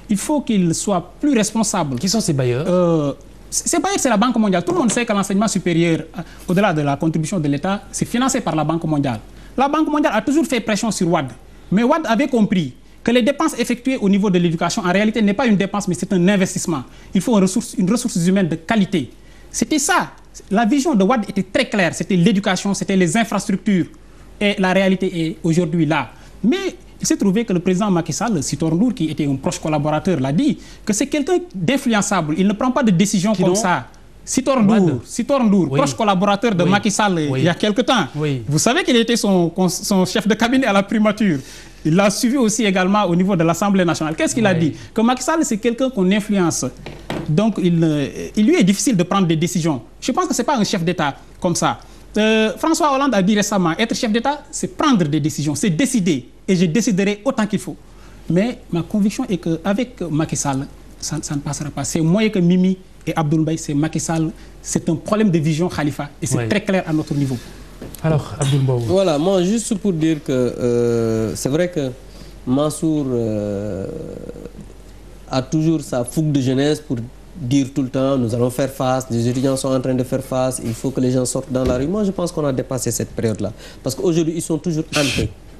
il faut qu'ils soient plus responsables. Qui sont euh, ces bailleurs c'est la Banque mondiale. Tout le monde sait que l'enseignement supérieur, euh, au-delà de la contribution de l'État, c'est financé par la Banque mondiale. La Banque mondiale a toujours fait pression sur WAD. Mais WAD avait compris que les dépenses effectuées au niveau de l'éducation, en réalité, n'est pas une dépense, mais c'est un investissement. Il faut une ressource, humaine de qualité. C'était Il s'est trouvé que le président Macky Sall, qui était un proche collaborateur, l'a dit, que c'est quelqu'un d'influençable. Il proche collaborateur de oui. il y a quelque temps. Vous savez qu'il était son, chef de cabinet à la primature. Il l'a suivi aussi également au niveau de l'Assemblée nationale. Qu'est-ce qu'il a dit Que Macky c'est quelqu'un qu'on euh, il, lui est difficile de prendre des décisions. Je pense que ce pas un Euh, François Hollande a dit récemment, être chef d'État, c'est prendre des décisions, c'est décider. Et je déciderai autant qu'il faut. Mais ma conviction est qu'avec Macky Sall, ça, ça, ne passera pas. C'est moyen que Mimi et Abdoul c'est Macky Sall, c'est un problème de vision Khalifa. Et c'est oui. très clair à notre niveau. Alors, Abdoul Voilà, moi, juste pour dire que euh, c'est vrai que Mansour euh, a toujours sa fougue de jeunesse pour dire tout le temps nous allons faire face les étudiants sont en train de faire face il faut que les gens sortent dans la rue moi je pense qu'on a dépassé cette période là parce qu'aujourd'hui ils sont toujours hantés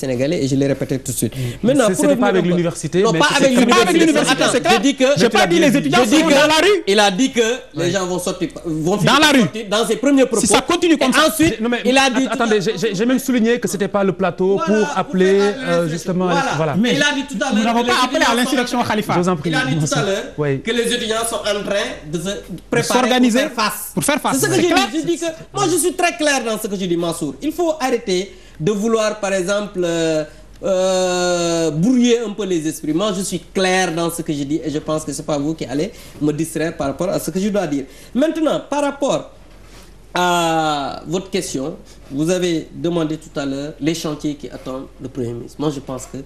sénégalais et je l'ai répété tout de suite. Mm. maintenant pour pas avec l'université. non pas avec l'université attends je dis que. les étudiants sont dans la rue. il a dit que les continue a dit. que c'était pas le plateau pour appeler euh, justement voilà. nous n'avons pas appelé à l'insurrection Khalifa. il a dit tout à pour faire face. je suis très clair dans ce que je dis Mansour il faut arrêter. de vouloir par exemple euh, euh, brouiller un peu les esprits moi je suis clair dans ce que je dis et je pense que c'est pas vous qui allez me distraire par rapport à ce que je dois dire maintenant par rapport à votre question vous avez demandé tout à l'heure les chantiers qui attendent le Premier ministre moi je pense que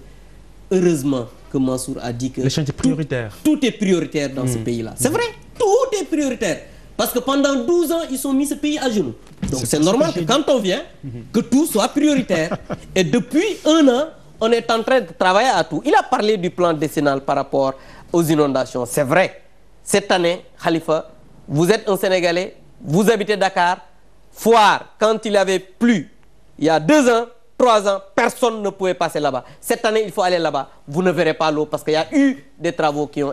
heureusement que Mansour a dit que les chantiers prioritaires tout, tout est prioritaire dans mmh. ce mm. pays-là c'est vrai tout est parce que pendant douze ans ils ont mis ce pays à genoux donc c'est normal que quand on vient que tout soit prioritaire et depuis un an on est en train de travailler tout il a parlé du plan décennal par rapport aux inondations c'est vrai cette année Khalifa vous êtes un Sénégalais vous habitez Dakar Foire quand il avait plu il y a deux ans trois ans personne ne pouvait passer là-bas cette année il faut aller là vous ne verrez pas l'eau parce qu'il qui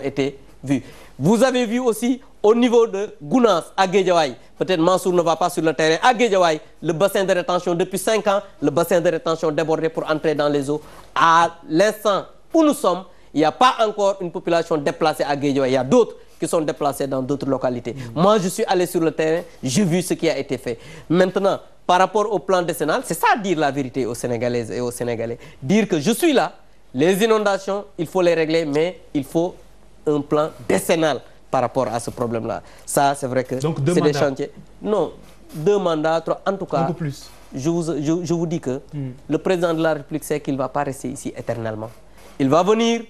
au niveau de Gounas à Guédiawaye peut-être Mansour ne va pas sur le terrain à Guédiawaye le bassin de rétention depuis cinq ans le bassin de rétention débordé pour entrer dans les eaux à l'instant où nous sommes il n'y a pas encore une population déplacée à Guédiawaye il a d'autres qui sont déplacés dans d'autres localités mmh. moi je suis allé sur le terrain j'ai vu ce qui a été fait maintenant par rapport au plan décennal c'est ça dire la vérité au Sénégalaises et aux Sénégalais dire que je suis là les inondations il faut les il faut un plan décennal par rapport à ce problème-là ça c'est vrai que c'est des chantiers non deux mandats trois en tout cas un peu plus je vous je, je vous dis que mm. le président de la République sait qu'il va pas rester ici éternellement il va venir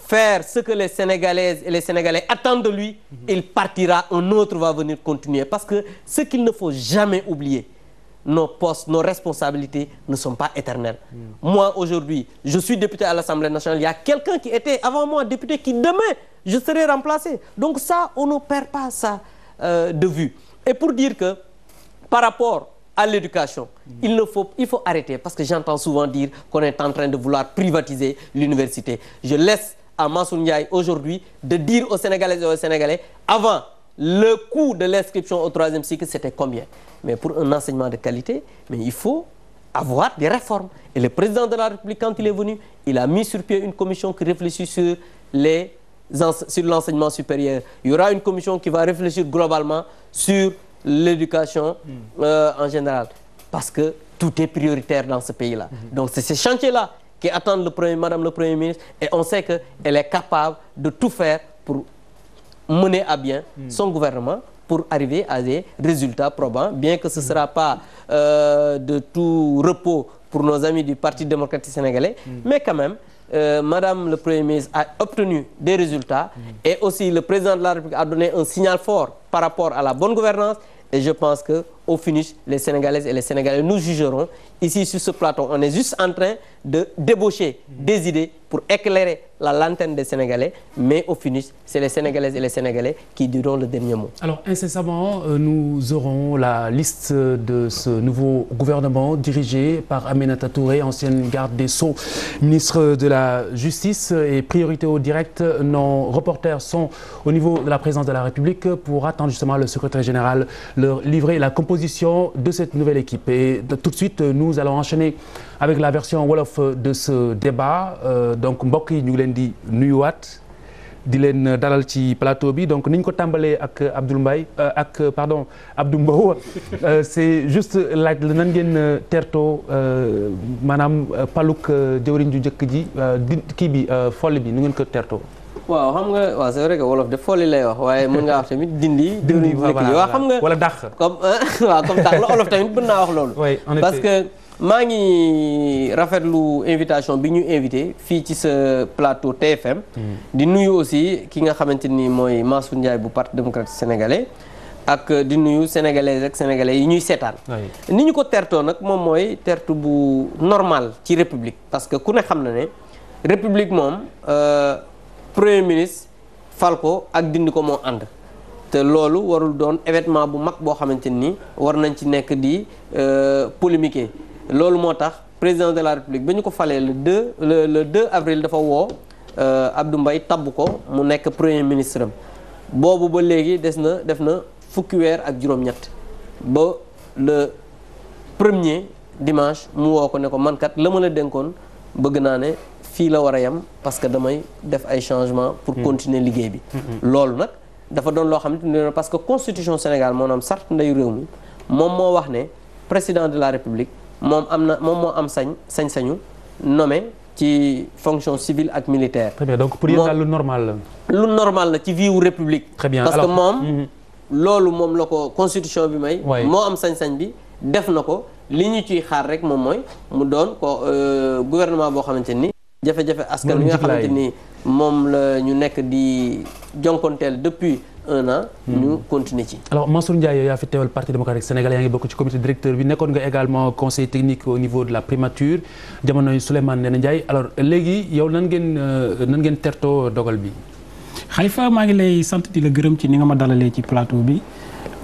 faire ce que les Sénégalaises et les Sénégalais attendent de lui mm -hmm. il partira un autre va venir continuer parce que ce qu'il ne faut jamais oublier nos postes, nos responsabilités ne sont pas éternelles. Mmh. Moi, aujourd'hui, je suis député à l'Assemblée nationale. Il y a quelqu'un qui était avant moi député qui, demain, je serai remplacé. Donc ça, on ne perd pas ça euh, de vue. Et pour dire que, par rapport à l'éducation, mmh. il, ne faut, il faut arrêter, parce que j'entends souvent dire qu'on est en train de vouloir privatiser l'université. Je laisse à Mansour Ndiaye aujourd'hui de dire aux Sénégalaises et aux Sénégalais, avant le coût de l'inscription au troisième cycle c'était combien mais pour un enseignement de qualité mais il faut avoir des réformes et le président de la République quand il est venu il a mis sur pied une commission qui réfléchit sur les sur l'enseignement supérieur il y aura une commission qui va réfléchir globalement sur l'éducation hmm. euh, en général parce que tout est prioritaire dans ce pays-là mm -hmm. donc c'est ces chantiers-là qui attendent le premier, Madame le Premier ministre et on sait que elle est capable de tout faire pour mener à bien hmm. son gouvernement pour arriver à des résultats probants, bien que ce ne sera pas euh, de tout repos pour nos amis du Parti démocratique sénégalais, mm. mais quand même, euh, Madame le Premier ministre a obtenu des résultats mm. et aussi le président de la République a donné un signal fort par rapport à la bonne gouvernance et je pense que au les Sénégalaises et les Sénégalais nous jugeront. Ici, sur ce plateau, on est juste en train de débaucher des idées pour éclairer la lanterne des Sénégalais. Mais au finish, c'est les Sénégalaises et les Sénégalais qui diront le dernier mot. Alors, incessamment, euh, nous aurons la liste de ce nouveau gouvernement dirigé par Aminata Touré, ancienne garde des Sceaux, ministre de la Justice et priorité au direct. Nos reporters sont niveau de la présidence de la République pour attendre justement le secrétaire général leur livrer la composition composition de cette nouvelle équipe. Et de, tout de suite, euh, nous avec la version Wolof euh, de ce débat. Euh, donc mbokk yi ñu ngi leen di nuyuwaat di leen euh, dalal ci plateau bi donc ni ko tàmbalee ak Abdoul Mbaye ak pardon Abdou Mbow c'est juste laaj la nan ngeen tertoo maanaam paluk jëwriñ ju njëkk ji di kii bi folle bi nu ngeen ko tertoo waaw xam nga waaw c'est vrai que wolof de fooli lay wax waaye mën ngaa wax tamit dindi. dindi bu nekk li waaw xam nga wala dàq. comme waaw comme dàq la olof tamit mën naa wax loolu. parce que maa ngi rafetlu invitation bi ñu invité fii ci sa plateau TFM. Hmm. di nuyu aussi ki nga xamante ni mooy Mansour Ndiaye bu parti démocratique sénégalais. ak di nuyu sénégalais rek sénégalais yi ñuy seetaan. ni ñu ko tertoo nag moom mooy tertu bu normal ci république. parce que ku ne xam na ne république moom. Euh, premier ministre fal ko ak dind ko moo ànd te loolu warul doon événement bu mag boo xamante ni war nañ ci nekk di euh, polémiquer loolu moo tax président de la république ba ñu ko falee le 2 le le 2 avril dafa woo euh, Abdou mbay tabb ko mu nekk premier ministre am boobu ba léegi des na def na fukki weer ak juróom-ñett ba le premier dimanche mu woo ko ne ko man kat la ma la dénkoon bëgg naa ne fii la war a yem parce que damay def ay changement pour hmm. continuer liggéey bi hmm, hmm. loolu nag dafa doon loo xamante ne parce que constitution Sénégal maanaam sart ndeyu réew mi moom moo wax ne président de la république moom am na moom moo am sañ sañ-sañu nommé ci fonction civile ak militaire. très bien donc pour yéen la. lu la ci vie wu république. très bien parce que moom. loolu moom la ko constitution bi moo am sañ-sañ bi def na ko li ñu ciy xaar rek moom mooy mu doon ko euh, boo xamante ni. jafe-jafe askan bi nga xamante ni moom la ñu nekk di jonkonteel depuis un an. Hmm. ñu continuer ci. alors Mansour Ndiaye yaa fi teewal parti démocratique sénégalais yaa ngi bokk ci comité directeur bi nekkoon nga également conseil technique au niveau de la primature jamonoy Souleymane Ndéné Ndiaye alors léegi yow nan ngeen euh, nan ngeen tertoo dogal bi. Khalifa maa ngi lay sant di la gërëm ci ni nga ma dalalee ci plateau bi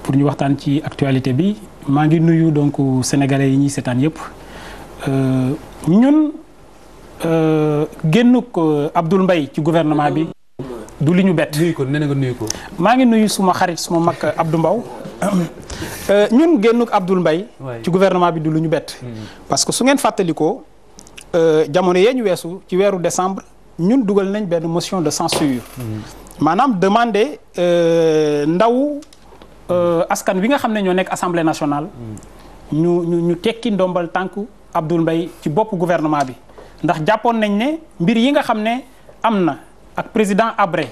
pour ñu waxtaan ci actualité bi maa ngi nuyu donc sénégalais yi ñuy seetaan yëpp euh, Euh, génnuk euh, abdul mbay ci gouvernement bi du li ñu bett. nuyu ko nee na nga maa ngi nuyu suma xarit suma mag euh, Abdou Mbaw ñun génnuk Abdoul Mbaye ci gouvernement bi du lu ñu bett. Mm. parce que su ngeen fàttalikoo jamono yee ñu weesu ci weeru décembre ñun dugal nañ benn motion de censure mm. maanaam demandé ndaw askan wi nga xam ne ñoo nekk assemblée nationale. Mm. ñu ñu ñu tekki ndombal tànk Abdoul mbay ci bopp gouvernement bi. ndax jàppoon nañ ne mbir yi nga xam ne am na ak président Habré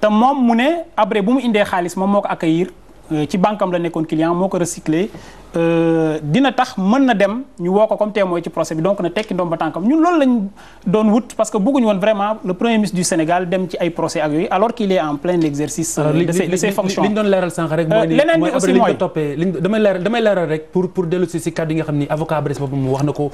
te moom mu ne Habré bu mu indee xaalis moom moo ko accueillir Euh, ci banque la nekkoon client moo ko recyclé euh, dina tax mën na dem ñu woo ko comme témoin ci procès bi donc na tekki ndoom ba tànkam ñun loolu lañ doon wut parce que bëgguñu woon vraiment le premier ministre du Sénégal dem ci ay procès ak yooyu alors qu'il est en plein exercice euh, de ses fonctions li ñu doon leeral sànq rek mooy leneen li aussi mooy toppee damay leeral rek pour dellu si si kàddu yi nga xam ni avocat Abrès boobu mu wax na ko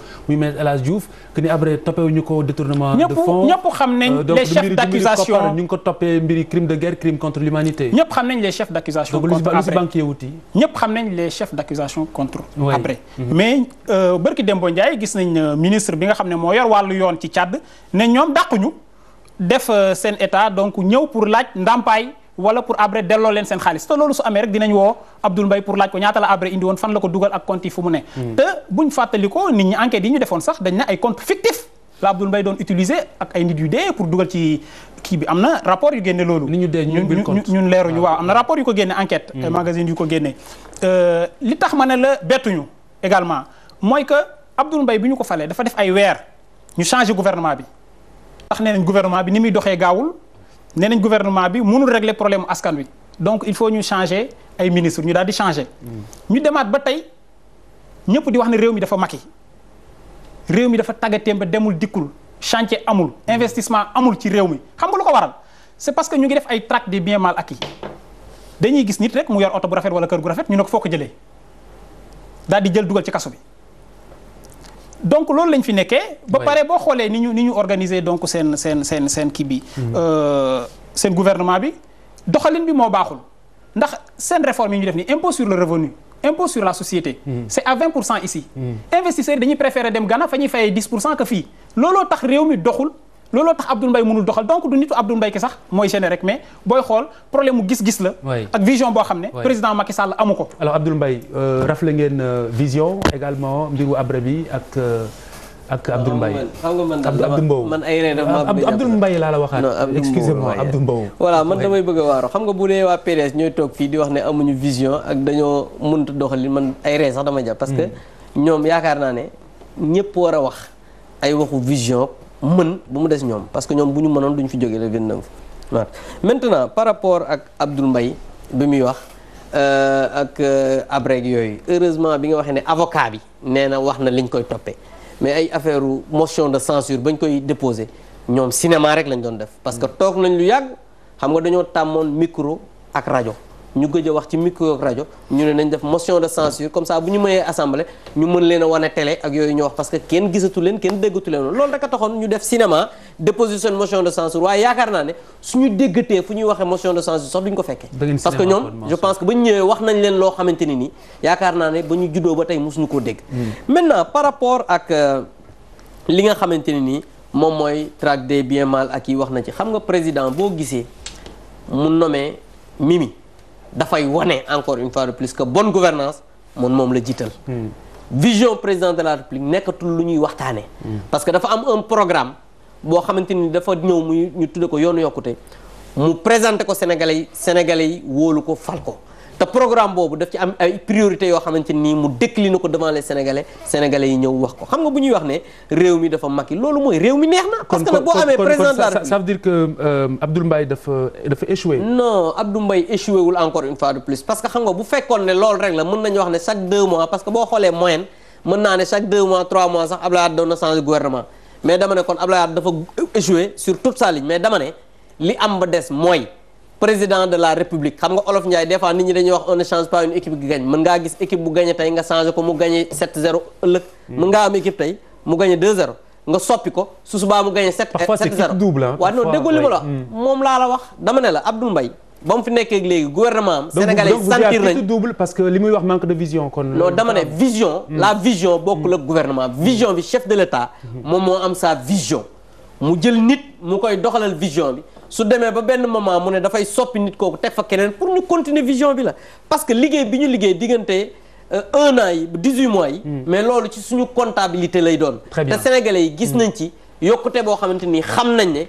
si banquier wuti ñëpp xam nañ les chefs d' accusation contre oui. après mhm. mais euh, bërki Dembo Ndiaye gis nañ euh, ministre bi nga xam ne moo yor wàllu yoon ci Tchad ne ñoom dàquñu def euh, seen état donc ñëw pour laaj ndàmpaay wala pour abré delloo leen seen xaalis te loolu su amee rek dinañ woo Abdoul Mbaye pour laaj ko ñaata la abré indi woon fan la ko dugal ak compte yi fu mu ne mhm. te buñ fàttali nit ñi enquête yi ñu defoon sax dañ ne ay compte fictif la Abdoul mbay doon utiliser ak ay nit yu de pour dugal ci kii bi am na rapport yu génne loolu. li ñu dee ñun ñun leeruñu ah, waaw am na rapport yu ko génne enquête. ay hmm. magazine yu ko génne. Euh, li tax ma ne la bettuñu également mooy que Abdoul mbay bi ñu ko falee dafa def ay weer ñu changé gouvernement bi. tax nee nañ gouvernement bi ni muy doxee gaawul ne nañ gouvernement bi mënul régler problème askan wi donc il faut ñu changer ay ministre ñu daal di changer. Hmm. ñu demaat ba tey ñëpp di wax ne réew mi dafa makki. réew mi dafa tàggatéem ba demul dikkul chantier amul investissement amul ci réew mi xam nga lu ko waral c'est parce que ñu ngi def ay traque des biens mal acquis dañuy gis nit rek mu yor oto bu rafet wala kër gu rafet ñu ne ko foo ko jëlee daal di jël dugal ci kaso bi donc loolu lañu fi nekkee. ba pare boo xoolee ni ñu ni ñu organiser donc seen seen seen seen kii bi. Mhm. Euh, seen gouvernement bi doxalin bi moo baaxul ndax seen réforme yi ñu def ni impôt sur le revenu. impôt sur la société. Hmm. c' à 20 pour cent ici. Hmm. investisseurs yi dañuy préférer dem Ghana fa ñuy fayee 10 pour cent que fii looloo tax réew mi doxul. looloo tax Abdoul Mbaye mënul doxal donc du nitu Abdoul Mbaye ki sax mooy gêné rek mais booy xool problème mu gis-gis la. ak vision boo xam ne. président Macky Sall amu ko. alors Abdoul Mbaye euh, rafle ngeen euh, vision également mbiru abré bi ak. Euh, ak Abdoul Mbaye xam nga man Abdoul man ay laa la waxaat excusez-moi Abdoul Mbow voilà man damay bëgg xam nga bu dee waa PDS ñooy toog fii di wax ne amuñu vision ak dañoo mënut doxali man ay ree sax dama que ñoom yaakaar naa ne ñëpp war a wax ay waxu vision mën bu mu des ñoom parce que ñoom bu ñu mënoon duñ fi jógee le 29 mars maintenant par rapport ak Abdoul Mbaye bi muy wax euh, ak euh, abreg yooyu heureusement bi nga waxee ne avocat bi nee na wax na liñ koy toppee mais ay affaire motion de censure bañ koy déposé ñoom cinéma rek lañ doon def parce que toog nañ lu yàgg xam nga dañoo tàmmoon micro ak rajo ñu gëj a wax ci micro rajo ñu ne nañ def motion de censure comme ça bu ñu mayee assemblée ñu mën leen a wane télé ak yooyu ñu wax parce que kenn gisatu leen kenn déggatu leen loolu rek a taxoon ñu def cinéma déposition motion de censure waaye yaakaar naa ne suñu déggatee fu ñu waxee motion de censure sax ñu ko fekkee parce que ñoom je pense que ba ñu ñëwee wax nañ leen loo xamante ni nii yaakaar naa ne ba ñu juddoo ba tey mosuñu koo dégg hmm. maintenant par rapport ak euh, li nga xamante ni nii moom mooy traque des biens mal acquis wax na ci xam nga président boo gisee mu nommé Mimi dafay wane encore une fois de plus que bon gouvernance moom moom la jiital hmm. vision président de la république nekkatul lu ñuy waxtaane hmm. parce que dafa am un programme boo xamante ni dafa ñëw muy ñu tudde ko yoonu yokkute mu présenté ko sénégalais yi sénégalais yi wóolu ko fal ko te programme boobu daf ci am ay priorité yoo xamante nii mu dëkk li décliné ko devant les sénégalais sénégalais yi ñëw wax ko xam nga bu ñuy wax ne réew mi dafa makki loolu mooy réew mi neex na. parce que que euh, Abdoul Mbaye dafa dafa échoué. non Abdoul Mbaye échoué wul encore une fois de plus parce que xam nga bu fekkoon ne loolu rek la mën nañu wax ne chaque 2 mois parce que boo xoolee moyenne mën naa ne chaque 2 mois 3 mois sax Abdoulaye Wade doon na changé gouvernement mais dama ne kon Abdoulaye Wade dafa sa ligne mais dama ne li am ba des mooy. président de la république xam nga olof Ndiaye des fois nit ñi dañuy wax on change pas une équipe gagne mën ngaa gis équipe bu gagné tey nga changé ko mu gagné 7-0 ëllëg. Hmm. mën ngaa am équipe tey mu gagné 2-0 nga soppi ko su subaa mu gagné 7 parfois c'est équipe double waaw la hmm. moom laa la wax dama ne la Abdoul Mbaye ba mu fi nekkee léegi gouvernement am sénégalais sentir nañ parce que li muy wax manque de vision kon non dama ne euh, vision hmm. la vision bokku la gouvernement bi chef de l'état moom sa vision mu nit mu koy doxalal vision bi su demee ba benn moment mu ne dafay soppi nit kooku teg fa keneen pour ñu continuer vision bi la parce que liggéey bi ñu liggéey diggante euh, un an yi ba 18 mois yi hmm. mais loolu ci suñu comptabilité lay doon te sénégalais yi gis hmm. nañ ci yokkute boo xamante ni xam nañ ne.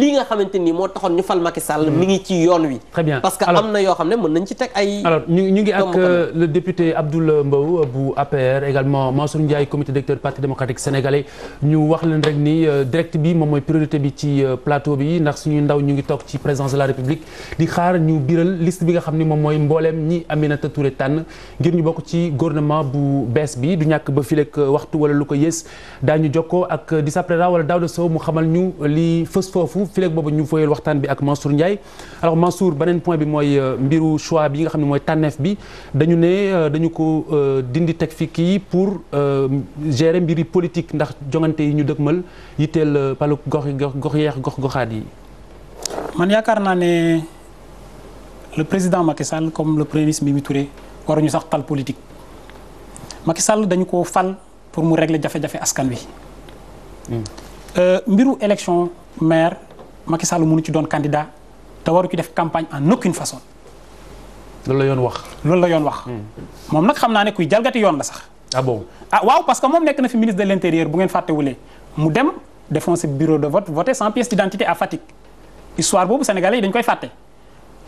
li nga xamante ni moo taxoon ñu fal Macky Sall ngi ci yoon wi. parce que am na yoo xam ne mën nañ ci teg ay. alors ñu ñu ngi ak euh, le député Abdoul Mbow bu APR également Mansour Ndiaye comité directeur parti démocratique sénégalais ñu wax leen rek ni euh, direct bi moom mooy priorité bi ci euh, plateau bi ndax suñu ndaw ñu ngi toog ci présidence de la République di xaar ñu biral liste bi nga xam ni moom mooy mbooleem ñi Aminata Touré tànn ngir ñu bokk ci gouvernement bu bees bi du ñàkk ba fileeg waxtu wala lu ko yées daañu Daouda Sow mu xamal ñu li fës foofu boobu ñu foyal waxtaan bi ak Mansour Ndiaye alors Mansour beneen point bi mooy euh, mbiru choix bi nga xam ne mooy tànneef bi dañu ne euh, dañu ko euh, dindi teg fi kii pour gérer mbiri politique ndax jongante yi ñu dëgmal yitteel palu gox gox yeex gox goxaat yi. man yaakaar naa ne le président Macky Sall comme le premier ministre Mimi Touré ñu sax tal politique Macky Sall dañu ko fal pour mu régle jafe-jafe askan wi. Hmm. Euh, mbiru élection maire Macky Sall mënu ci doon candidat te waru ci def campagne en aucune façon. loolu la yoon wax. loolu la yoon wax. Hmm. moom nag xam naa ne kuy jalgati yoon la sax. ah bon ah waaw parce que moom nekk na fi ministre de l'intérieur bu ngeen fàttewulee mu dem défoncer bureau de vote voter sans pièce d'identité à Fatick histoire boobu sénégalais yi dañ koy fàtte.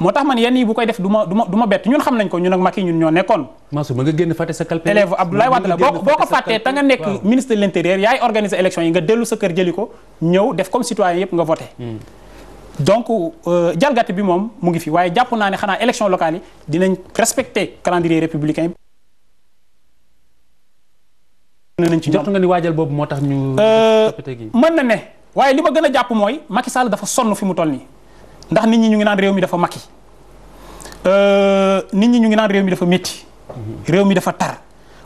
moo tax man yenn yi bu koy def du ma du ma du ma bett ñun xam nañ ko ñun ak Macky ñun ñoo nekkoon Mansour ma nga génn fàtte sa calpe élève Abdoulaye Wade la boo boo ko fàttee te nga nekk ministre de l'intérieur yaay organiser élection yi nga dellu sa kër jëli ko ñëw def comme hmm. donc euh, jalgati bi moom mu ngi fi waaye jàpp naa ne xanaa élection locale yi dinañ respecter calendrier nañ ci jot nga ni waajal boobu moo tax ñu euh, mën na ne waaye li ma gën a jàpp mooy Macky Sall dafa sonn fi mu toll nii ndax nit ñi ñu ngi naan réew mi dafa makki euh, nit ñi ñu ngi naan réew mi dafa métti mhm. réew mi dafa tar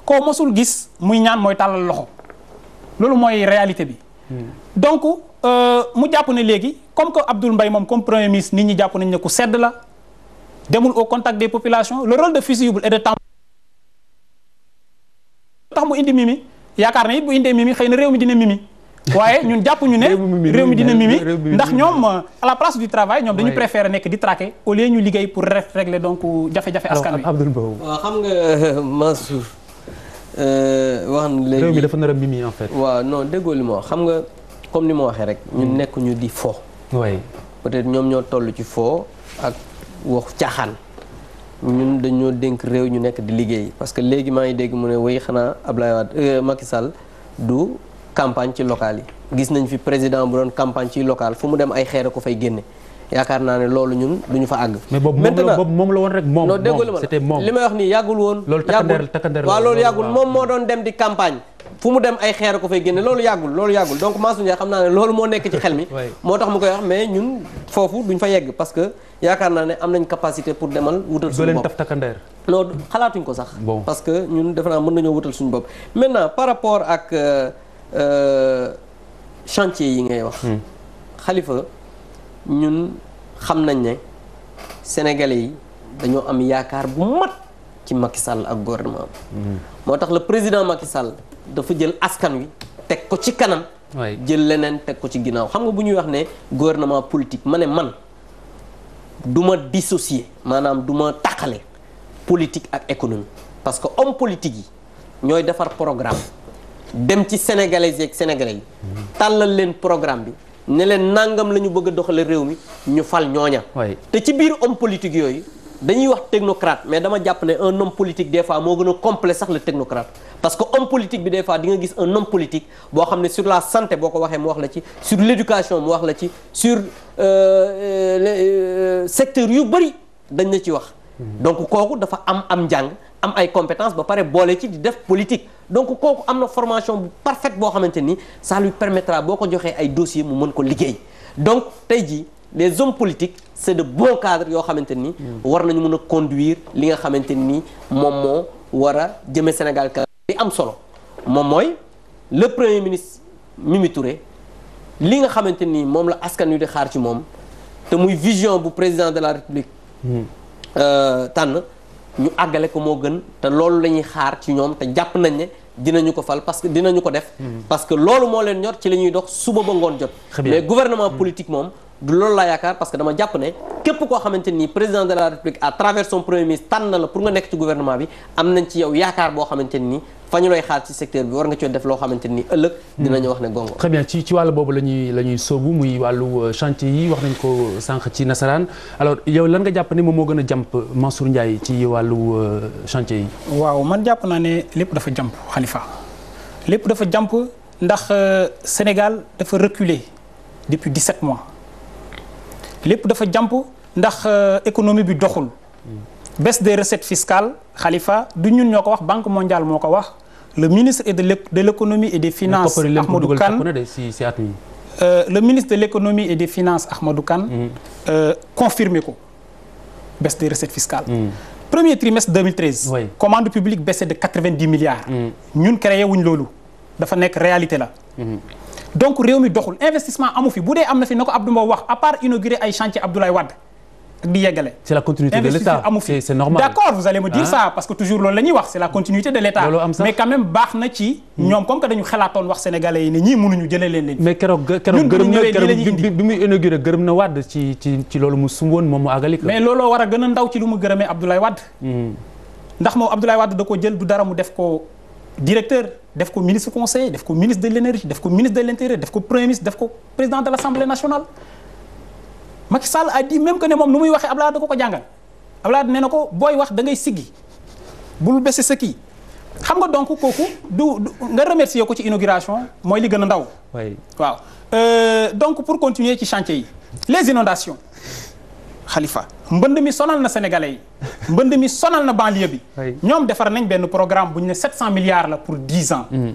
koo mosul gis muy ñaan mooy tàllal loxo loolu mooy réalité bi mhm. donc euh, mu jàpp na léegi comme que Abdoul Mbaye moom comme premier ministre nit ñi jàpp nañ ne ku sedd la demul au contact des populations le rôle de fusible et de temps tax mu indi mimi yaakaar na it bu indee mimi xëy na réew mi dina mimi waaye ñun jàpp ñu ne réew mi dina mimi ndax ñoom à la place du travail ñoom dañu préférer nekk di traquer au lieu ñu liggéey pour régler donc jafe-jafe askan wi waaw xam nga Mansour euh, wax na léegi réew mi dafa nar mimi en fait waaw non déggoo li ma wax xam nga comme ni ma waxee rek ñun hmm. nekk ñu di fo peut-être ñoom ñoo toll ci fo ak wax caaxaan ñun dañoo dénk réew ñu nekk di liggéey parce que léegi maa ngi dégg mu ne way xanaa Ablaye Wade euh, Macky Sall du campagne ci local yi gis nañ fi président bu doon campagne ci local fu mu dem ay xeer a ko fay génne yaakaar naa ne loolu ñun du fa àgg. mais boobu moom moo doon dem di campagne. fu mu dem ay xeer ko fay génne loolu yàggul loolu yàggul donc Mansour Ndiaye xam naa ne loolu moo nekk ci xel mi. moo tax mu koy wax mais ñun foofu duñ fa yegg parce que yaakaar naa ne am nañ capacité pour demal. wutal suñu bopp doo naa par rapport ak euh, Euh, chantier yi ngay wax. Hmm. xalifa ñun xam nañ ne sénégalais yi dañoo am yaakaar bu mat ci Macky Sall ak gouvernement hmm. moo tax la président Macky Sall dafa jël askan wi teg ko ci kanam. jël leneen teg ko ci ginnaaw xam nga bu ñuy wax ne gouvernement politique ma ne man du ma dissocier maanaam du ma taqale politique ak économie parce que homme politique yi ñooy defar programme. dem ci sénégalais yeeg sénégalais yi tàllal leen programme bi ne leen nangam la ñu bëgg a doxale réew mi ñu fal ñooña te ci biir homme politique yooyu dañuy wax technocrate mais dama jàpp ne un homme politique des fois moo gën a complet sax le technocrate parce que homme politique bi des fois di nga gis un homme politique boo xam ne sur la santé boo ko waxee mu wax la ci sur l'éducation mu wax la ci sur euh, euh, euh, secteur yu bëri dañ la ci wax mm-hmm. donc kooku dafa am am njàng am ay compétence ba pare boole ci di def politique donc kooku am na formation bu parfaite boo xamante ni ça lui permettra boo ko joxee ay dossiers mu mën ko liggéey donc tey jii les hommes politiques c' de bons cadres yoo xamante ni. war nañu mën a conduire li nga xamante nii moom moo war a jëmee Sénégal ka am solo moom mooy le premier ministre Mimi Touré li nga xamante ni moom la askan wi di xaar ci moom te muy vision bu président de la République. Hmm. Euh, tànn. ñu àggale ko moo gën te loolu lañuy xaar ci ñoom te jàpp nañ ne dinañu ko fal parce que dinañu ko def. Hmm. parce que loolu moo leen ñor ci la ñuy dox suba ba ngoon jot. mais gouvernement politique moom. du loolu laa yaakaar parce que dama jàpp ne képp koo xamante ni président de la république à travers son premier ministre tànn la pour nga nekk ci gouvernement bi am nañ ci yow yaakaar boo xamante ni fa ñu lay xaar ci secteur bi war nga ci def loo xamante ni ëllëg dinañu wax ne gongo très ci ci wàllu boobu la ñuy la muy wàllu euh, chantier yi wax nañ ko sànq ci nasaraan alors yow lan nga jàpp ne moom moo gën a jàmp Mansour Ndiaye ci wàllu euh, chantier yi waaw man jàpp naa ne lépp dafa jàmp Khalifa lépp dafa jàmp ndax euh, Sénégal dafa reculer depuis 17 mois lépp dafa jàmp ndax euh, économie bi doxul baisse des recettes fiscales xalifa du ñun ñoo ko wax banque mondiale moo ko wax le ministre et de euh, de l' économie et des finances Ahmadou Kane le ministre de l' économie et des finances Ahmadou Kane confirmé ko baisse des recettes fiscales mm-hmm. premier trimestre 2013 commande publique baissée de 90 milliards mm-hmm. ñun créé wuñ loolu dafa nekk réalité la donc réew mi doxul investissement amu fi bu dee am na fi na ko Abdou Mbow wax à part inaugurer ay chantier Abdoulaye Wade ak di yeggale. c'est la continuité de l'État amu fi d'accord vous allez me dire ah. ça parce que toujours loolu la wax c'est la continuité de l'État mais quand même baax na ci hmm. ñoom comme que dañu xalaatoon wax sénégalais yi ne ñii mënuñu jëlee leen leen mais keroog keroog gërëm na keroog bi na Wade ci ci loolu mu sumboon moom mu àggali a a hmm. ko jël du dara mu def ko directeur def ko ministre conseiller def ko ministre de l'énergie def ko ministre de l'intérieur def ko premier ministre def ko président de l'assemblée nationale mac Sall a dit même que ne moom nu muy waxee Abdoulaye da ko ko jàngal Abdoulaye nee na ko booy wax dangay ngay siggi bul bese sa kii xam nga donc kooku du nga remercier ko ci inauguration mooy li gën a ndaw waaw euh, donc pour continuer ci chantier yi les inondations xalifa mbënd mi sonal na sénégalais yi mbënd mi sonal na banlieue bi ñoom defar nañ benn programme bu ñu ne 700 milliards la pour 10 ans mm-hmm.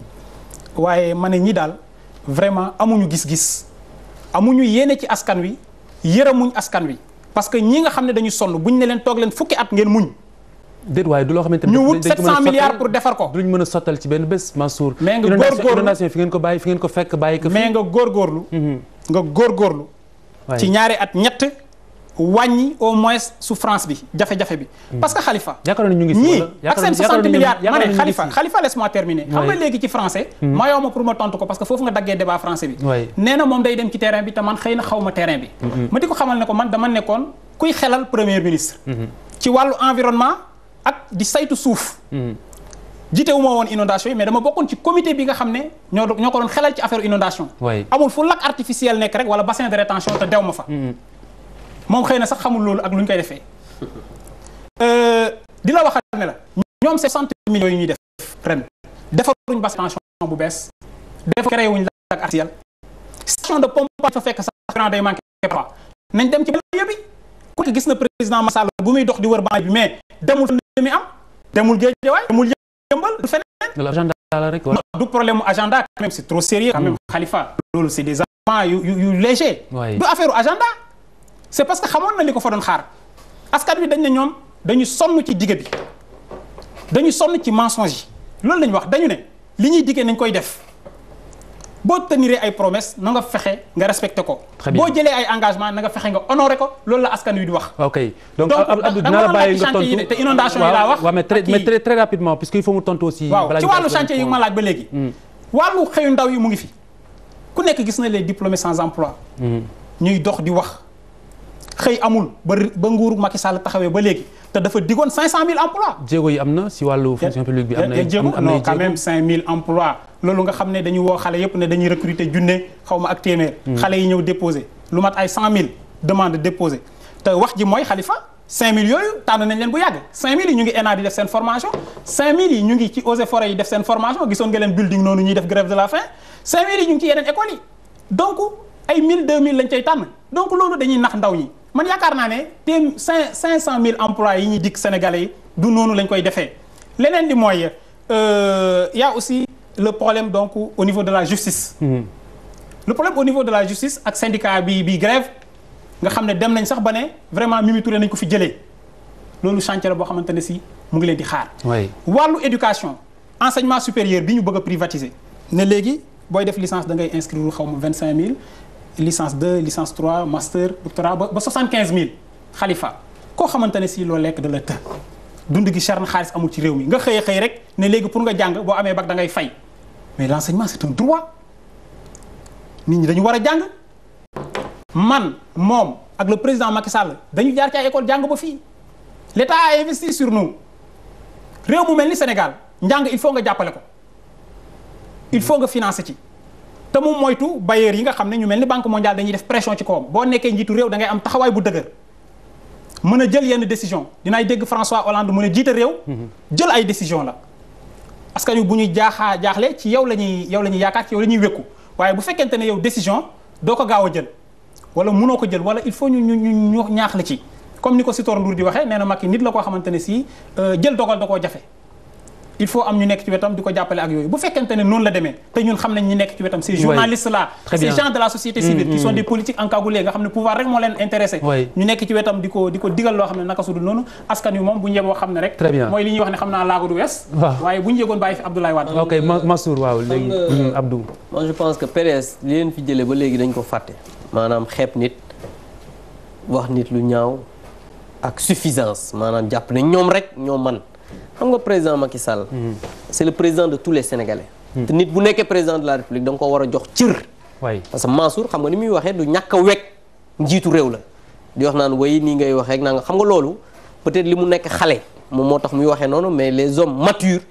waaye ma ne ñi daal vraiment amuñu gis-gis amuñu yéene ci askan wi yërëmuñ askan wi parce que ñi nga xam ne dañu bu buñ ne leen toog leen fukki at ngeen muñ déet waaye du loo xamante ñu wut 700 milliards pour defar ko duñ mën a sottal ci benn bés ma mais nga góorgóorlu inondation fi ngeen ko bàyyi fi ngeen ko fekk bàyyi ko mais nga góorgóorlu mm-hmm. nga góorgóorlu ci ñaari at ñett wàññi au moins souffrance bi jafe-jafe bi. Hmm. parce que xalifa. ñii ak seen 60 milliards ma xalifa xalifa laisse-moi terminer. xam nga léegi ci français. Hmm. ma ma pour ma tontu ko parce que foofu nga daggee débat français bi. waay moom day dem ci terrain bi te man xëy na xaw terrain bi. Hmm. ma di ko xamal ne ko man dama nekkoon kuy xelal premier ministre. ci wàllu environnement ak di saytu suuf. jiitewu woon inondation yi mais dama bokkoon ci comité bi moom xëy na sax xamul loolu ak lu ñu koy defee euh, di la waxal ne la ñoom seen cent millions yu ñuy def ren defaruñ bas tension bu bees defar créé wuñ la ak artiel station de pompe fa fekk sax courant day nañ dem ci ba bi ku gis na président Macky Sall bu muy dox di wër banlieue bi mais demul fan mi am demul Guédiawaye demul yëmbal du feneen du problème agenda quand même c'est trop sérieux quand même mm. Khalifa loolu c'est des amants yu yu léger du affaire agenda c'est parce que xamoon na li ko fa doon xaar askan wi dañ ne ñoom dañu sonn ci digg bi dañu sonn ci mensonge yi loolu lañu wax dañu ne li ñuy diggee nañ koy def boo teniree ay promesse na nga fexe nga respecté ko. boo jëlee ay engagement na nga fexe nga honoré ko loolu la askan wi di wax. ok donc Abdou dina la bàyyi nga tontu te inondation yi laa wax. waaw mais très mais il faut mu tontu aussi. balaa ci wàllu chantier yi ma ba léegi. Hmm. wàllu xëyu ndaw mu ngi fi ku nekk gis na les diplômés sans emploi hmm. ñuy dox di wax. xëy amul ba ba nguur Macky Sall taxawee ba léegi te dafa digoon 500000 emplois. jéego yi am na si wàllu fonction publique bi. am na ay jéego non quand même 5000 emplois. ma ak téeméer. Hmm. xale yi ñëw déposé lu wax ji mooy Khalifa 5000 yooyu tànn nañ leen bu ñu ngi ENA di def seen formation 5000 yi ñu ngi ci eaux et forêt yi def seen formation gisoon nga leen building noonu ñuy def grève de la faim 5000 yi ñu ngi ci yeneen écoles yi donc ay 1000 2000 lañ cay tànn donc loolu dañuy nax ndaw ñi man yaakaar naa ne téem cinq cinq cent mille emplois yi ñuy dikk sénégalais du noonu lañ koy defee leneen di mooy euh, y a aussi le problème donc au niveau de la justice. Mmh. le problème au niveau de la justice ak syndicat bi bi grève nga xam ne dem nañ sax ba ne vraiment Mimi Touré nañ ko fi jëlee loolu chantier boo xamante ne si mu ngi leen di xaar. wàllu éducation enseignement supérieur bi ñu bëgg a privatiser. ne léegi booy def licence dangay ngay inscrire xaw ma vingt cinq mille. licence 2 licence 3 master doctorat ba ba mille xalifa koo xamante ne si loo lekk da la të dund gi cher na xaalis amul ci réew mi nga xëyee a xëy rek ne léegi pour nga jàng boo amee bac da fay mais l'enseignement c'est un droit nit ñi dañu war a jàng man moom ak le président Macky Sall dañu jaar ci ay école jàng ba fii l'État a investi sur réew mu mel ni Sénégal njàng il faut nga jàppale ko il faut nga financer ci te mu moytu bailleurs yi nga xam ne ñu mel ni banque mondiale dañuy def pression ci kawam boo nekkee njiitu réew da ngay am taxawaay bu dëgër mën a jël yenn décision dinaay dégg François Hollande mën a jiita réew. jël ay décision la. parce que bu ñuy jaaxaa jaaxle ci yow la ñuy yow la ñuy yaakaar ci yow la ñuy wékku waaye bu fekkente ne yow décision doo ko gaaw a jël wala mënoo ko jël wala il faut ñu ñu ñu ñaax la ci. comme ni ko Sitor Ndour di waxee nee na Macky nit la koo xamante ne si euh, jël dogal da koo jafe. il faut am ñu nekk ci wetam di ko jàppale ak yooyu bu fekkente ne noonu la demee te ñun xam nañ ñi nekk ci wetam ces journalistes là ces gens de la société civile mm, qui mm. sont des politiques encagoulés nga xam ne pouvoir rek leen intéressé ñu nekk ko di ko digal loo mooy li ñuy wax ne xam naa laago du wees waaye bu ñu yëgoon bàyyi fi Abdoulaye Wade ok Massour waaw léegi mm, Abdou moi je pense que PDS li leen fi jëlee ba léegi dañ ko fàtte maanaam xeeb nit wax nit ak suffisance maanaam jàpp ne ñoom rek ñoo man xam nga président Macky Sall. c' est le président de tous les sénégalais. te nit bu nekkee président de la république da nga war a jox cër. waay parce que Mansour xam nga ni muy waxee du ñàkk a wekk njiitu réew la. di wax naan way nii ngay waxee ak naa nga xam nga loolu peut-être li mu nekk xale. moom moo tax muy waxee noonu mais les hommes matures.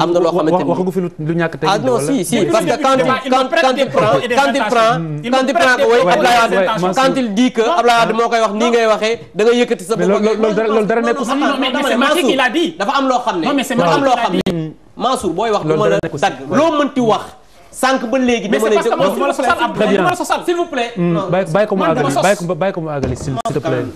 am na loo xamante ni waxagu lu ñàkk tey ah non si si parce que quand il prend quand prend quand prend oui Abdoulaye Wade moo koy wax nii ngay waxee da nga yëkkati sa bopp. loolu dara nekkul si mais dafa am loo xam loo xam ne. Mansour booy wax du ma la dagg loo mënti wax. sànq ba léegi dama lay. s'il vous plaît. Hmm, bàyyi ko mu àggali bàyyi ko mu àggali s'il te plaît.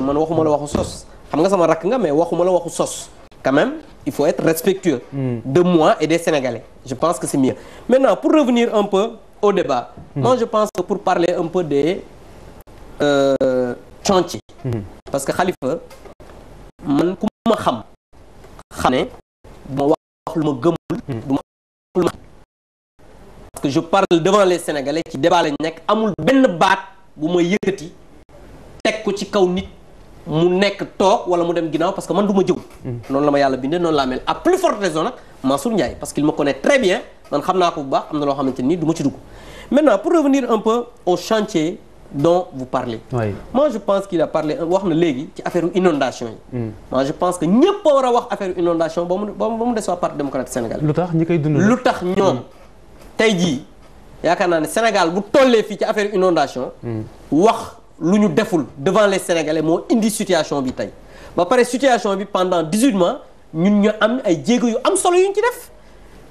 man waxuma la waxu sos xam nga sama rakk nga mais waxu ma la waxu sos quand même il faut être respectueux hmm. de moi et des Sénégalais je pense que c'est mieux maintenant pour revenir un peu au débat hmm. moi je pense que pour parler un peu des euh, hmm. parce que Khalifa man ku ma xam xam ne duma wax lu ma gëmul duma wax lu ma parce que je parle devant les Sénégalais ci débat lañ nekk amul benn baat bu ma yëkkati teg ko ci kaw nit mu nekk toog wala mu dem ginnaaw parce que man du ma jëw hmm. noonu la ma yàlla bindee noonu laa mel à plus forte raison nag Mansour Ndiaye parce qu'il me connaît très bien man xam naa ko bu baax am na loo xamante ni du ma ci dugg maintenant pour revenir un peu au chantier dont vous parlez oui. je pense qu'il a parlé wax na léegi ci affaire inondation yi mm. moi je pense que ñëpp a war a wax affaire inondation ba mu ba mu des waa parti démocratique Sénégal lu tax ñi koy dund lu tax ñoom hmm. tey jii yaakaar naa ne Sénégal bu tollee fii ci affaire inondation hmm. wax lu ñu deful devant les sénégalais moo indi situation bi tey ba pare situation bi pendant 18 mois ñun ñu am ay jéego yu am solo yuñ ci def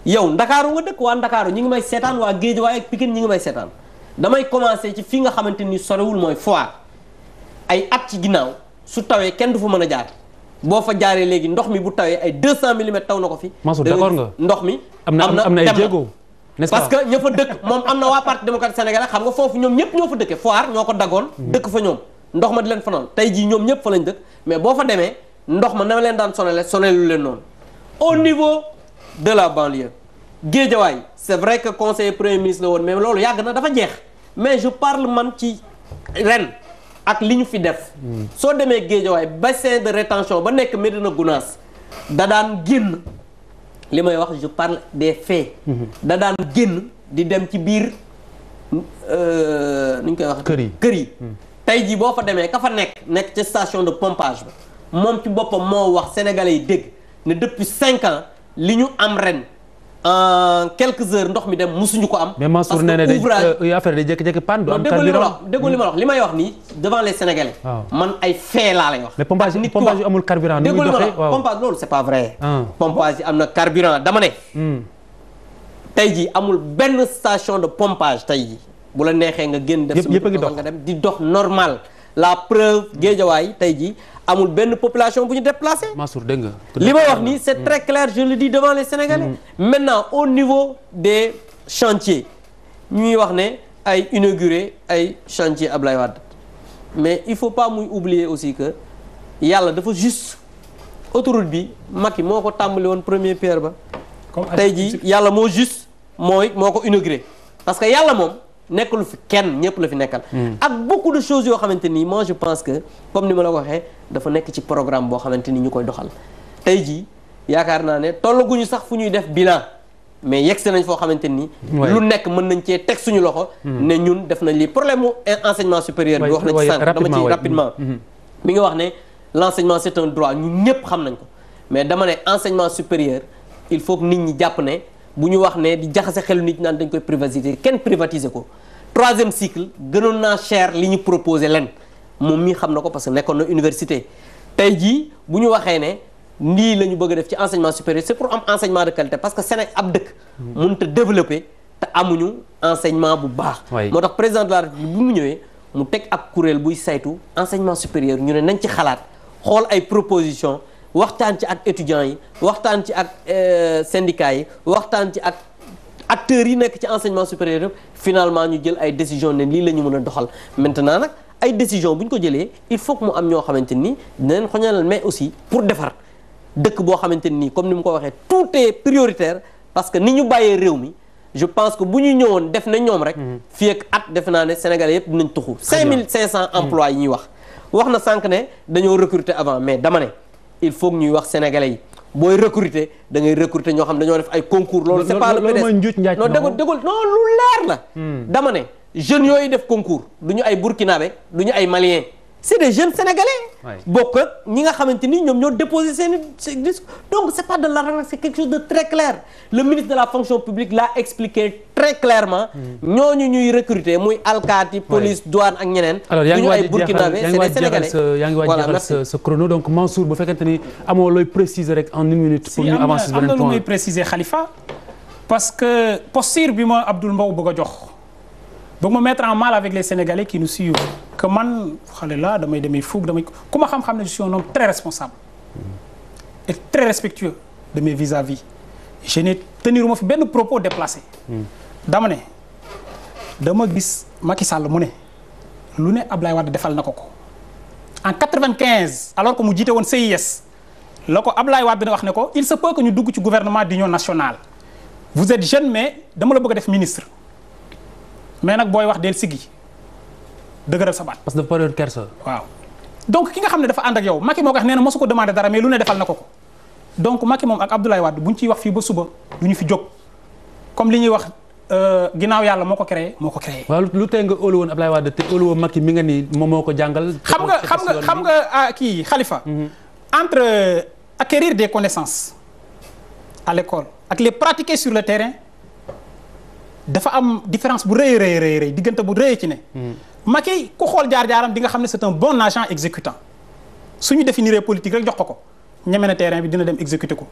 yow ndakaaru nga dëkk waa ndakaaru ñi ngi may seetaan waa Guédiawaye ak Pikine ñi ngi may seetaan damay commencé ci fii nga xamante ni sorewul mooy foire ay at ci ginnaaw su tawee kenn du fa mën a jaar boo fa jaaree léegi ndox mi bu tawee ay 200 millimètres taw na ko fi. Mansour d'accord nga ndox mi. am na am na ay jéego parce que ña dëkk moom am na waa parti démocratique sénégalais xam nga foofu ñoom ñëpp ñoo fa dëkke foire ñoo ko dagoon hmm. dëkk fa ñoom ndox ma di leen fanoon tey jii ñoom ñëpp fa lañ dëkk mais boo fa demee ndox ma na leen daan sonale sonelu leen noonu au niveau de la banlieue géejawaay c'est vrai que conseiller premier ministre la woon mais loolu yàgg na dafa jeex mais je parle man ci ren ak li ñu fi def hmm. soo demee géejawaay ba de rétention ba nekk Médina Gounass da daan génn li may wax je parle des faits. Mhm. da daan génn di dem ci biir euh, nu ñu koy wax. kër yi kër yi. Mhm. tey jii boo fa demee ka fa nekk nekk ca station de pompage ba moom ci boppam moo wax sénégalais yi dégg ne depuis cinq ans li ñu am ren. en euh, quelques heures ndox mi dem musuñu ko am. mais Mansour nee day de euh, affaire de jékki-jékki panne du am. carburant déggu li ma may wax nii devant les sénégalais. man ay fee laa lay wax. mais pompage yi pompage yi amul carburant. ni muy doxee waaw pompage loolu ah. ne. Hmm. tey jii amul benn station de pompage tey jii bu la neexee nga génn. def yëpp nga dem di dox normal la preuve géejawaay tey jii. amul benn population bu ñu déplacé. Mansour dégg nga. li ma wax ni c' est très clair je le dis devant les Sénégalais. Mm. maintenant au niveau des chantiers ñuy wax ne ay inauguré ay chantier Ablaye Wade mais il faut pas muy oublier aussi que yàlla dafa juste autoroute bi mag yi moo ko tàmbali woon première pierre ba. tey jii yàlla moo juste mooy moo ko inauguré parce que yàlla moom. nekkalu fi kenn ñëpp la fi nekkal. Hmm. ak beaucoup de choses yoo xamante ni moi je pense que comme ni ma la ko waxee dafa nekk ci programme boo xamante ni ñu koy doxal. tey jii yaakaar naa ne tollaguñu sax fu ñuy def bilan mais yegg si nañ foo xamante ni. lu nekk mën nañ cee teg suñu loxo. Hmm. ne ñun def nañ lii problème mu enseignement supérieur bi. wax na ci sànq dama ci rapidement. Hmm. mi ngi wax ne l' enseignement c' un droit ñun ñëpp xam nañ ko mais dama ne enseignement supérieur il faut nit ñi jàpp ne. bu ñu wax nee di jaxase xelu nit naan dañ koy privatiser kenn privatiser ko troisième cycle gënoon naa cher li ñu proposé leen moom mii xam na ko parce que nekkoon na université tey jii bu ñu waxee ne nii la ñu bëgg a def ci enseignement supérieur c'est pour am enseignement de qualité parce que Sénégal ab dëkk mënut a développer te amuñu enseignement bu baax moo tax président de la République bu mu ñëwee mu teg ak kuréel buy saytu enseignement supérieur ñu ne nañ ci xalaat xool ay proposition waxtaan ci ak étudiants yi waxtaan ci ak euh, syndicats yi waxtaan ci ak acteur yi nekk ci enseignement supérieur yëpp finalement ñu jël ay décision ne lii la ñu mën a doxal maintenant nag ay décision bu ñu ko jëlee il faut mu am ñoo xamante ni dinañ xoñalal mais aussi pour defar dëkk boo xamante nii comme ni mu ko waxee tout est prioritaire parce que ni ñu bàyyee réew mi je pense que bu ñu ñëwoon def na ñoom rek mhm. fii ak at defe naa ne sénégalais yëpp dinañ tuxu cinq mille cinq cent emplois yi ñuy wax mhm. wax na sànq ne dañoo recruter avant mais dama il faut ñuy wax sénégalais yi booy recruter da ngay recruter ñoo xam dañoo def ay concours. loolu c'est pas le PDS non dégg dégg non lu leer la. Hmm. dama ne jeunes yooyu def concours du ñu ay burkinabé du ñu ay malien. c'est des jeunes sénégalais. bokk ak ñi nga xamante ni ñoom ñoo déposé seen i donc c'est pas de l'arrogance c'est quelque chose de très clair le ministre de la fonction publique l'a expliqué très clairement. Mm. ñooñu ñuy recruter muy alkaati police douane ak ñeneen. alors yaa ngi waaj a jeexal yaa ngi waaj a jeexal sa chrono donc Mansour bu fekkente ni amoo looy préciser rek en une minute. pour ñu avancer si beneen préciser Khalifa. parce que posture bi ma Abdoul Mbow bëgg a jox bëgg ma mettre en mal que man xale laa damay demee fukk damay ku ma xam-xam ne je suis un homme très responsable et très respectueux de mes vis-à-vis je n'ai tenir ma fi benn propos déplacé. dama ne dama gis Macky sàll mu ne lu ne Ablaye Wade defal na ko ko en 95 alors que mu jiite woon CIS la ko Ablaye Wade wax ne ko il se peut que ñu dugg ci gouvernement d'union nationale vous êtes jeune mais dama la bëgg def ministre mais nag booy wax del siggi dëgëral sa baat. parce que dafa période kersa. waaw donc ki nga xam ne dafa ànd ak yow Macky moo ko wax nee na mosu ko demandé dara mais lu ne defal na ko ko donc Macky moom ak Abdoulaye bu buñ ciy wax fii ba suba du ñu fi jóg comme li ñuy wax euh, ginnaaw yàlla moo ko créé moo ko créé. waaw lu tey nga óolu woon Abdoulaye Wade te óolu woon Macky mi nga ni moom moo ko jàngal. xam nga xam nga xam nga ah, kii xalifa mm-hmm. entre euh, acquérir des connaissances à l'école ak les pratiquer sur le terrain dafa am différence bu rëy rëy rëy diggante bu rëy ci ne. Mm-hmm. Macky ku xool jaar-jaaram di nga xam ne c'est un bon agent exécutant suñu définiree politique rek jox ko ko ñeme na terrain bi dina dem exécuter ko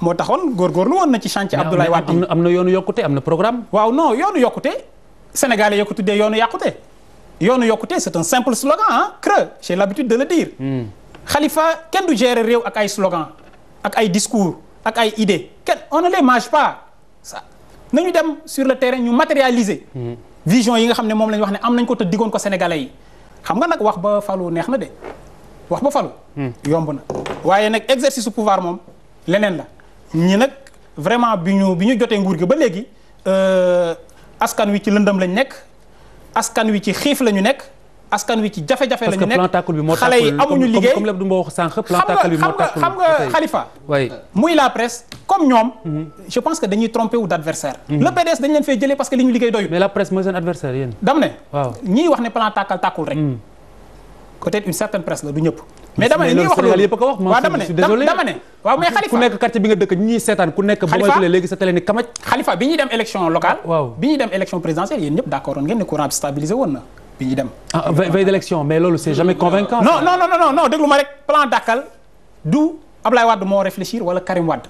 moo tax taxoon góorgóorlu woon na ci chantier Abdoulaye Wade am na am na yoonu yokkute am na programme. waaw non yoonu yokkute sénégalais yoo ko tuddee yoonu yàqute yoonu yokkute c'est un simple slogan ah creux j'ai l'habitude de le dire. Hmm. Khalifa kenn du gérer réew ak ay slogan ak ay discours ak ay idées kenn on ne les mange pas ça nañu dem sur le terrain ñu matérialiser. Hmm. vision yi nga xam ne moom la wax ne am nañ ko te diggoon ko sénégalais yi xam nga nag wax ba falu neex na de wax ba falu. Hmm. yomb na waaye nag exercice su pouvoir moom leneen la ñi nag vraiment bi ñu bi ñu jotee nguur gi ba léegi euh, askan wi ci lëndam lañ nekk askan wi ci xiif la ñu nekk. askan wi ci jafe-jafe la ñu nekk parce que plan tàkkul bi moo tàkkul xale yi amuñu liggéey comme lépp du ma wax sànq plan tàkkul bi moo tàkkul xam nga xalifa oui muy la presse comme ñoom mhm. je pense que dañuy trompé wu d' adversaire mhm. le PDS dañ leen fay jëlee parce que li ñu liggéey doyul mais la presse mooy seen adversaire yéen dam ne waaw ñiy wax ne plan tàkkal tàkkul rek mhm. peut-être une certaine presse la du ñëpp mais dama ne ñuy wax loolu yëpp ko wax waaw dama ne dama ne waaw mais xalifa ku nekk quartier bi nga dëkk ñi ñuy seetaan ku nekk ba moytulee léegi sa télé ni kamaj xalifa bi ñuy dem élection locale waaw bi ñuy dem élection présidentielle yéen ñëpp d' accord oon ngeen ne courant bi stabilisé woon na bi ñu dem. ah veille d'élection mais loolu c'est jamais convaincant. non non non non non déglu ma rek plan Dakkal du Ablaye Wade moo réfléchir wala Karim Wade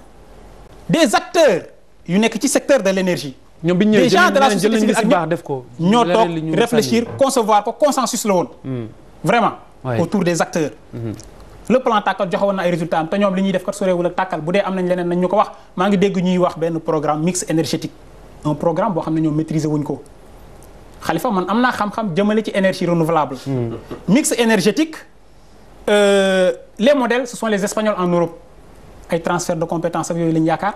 des acteurs yu nekk ci secteur de l'énergie. ñoom bi ñu ñëwee jël nañu baax def ko ñoo toog réfléchir concevoir ko consensus la woon. Hmm. vraiment. autour des acteurs. Hmm. le plan tàkkal joxe woon na ay résultats am te ñoom li ñuy def kat sorewul ak tàkkal bu dee am nañ leneen nañ ñu ko wax maa ngi dégg ñuy wax benn programme mix énergétique un programme boo xam ne ñoom maîtriser wuñ ko. xalifa man am naa xam-xam jëmale ci énergie renouvelable. mix énergétique euh, les modèles ce sont les espagnols en Europe ay transfert de compétence ak yooyu lañu yaakaar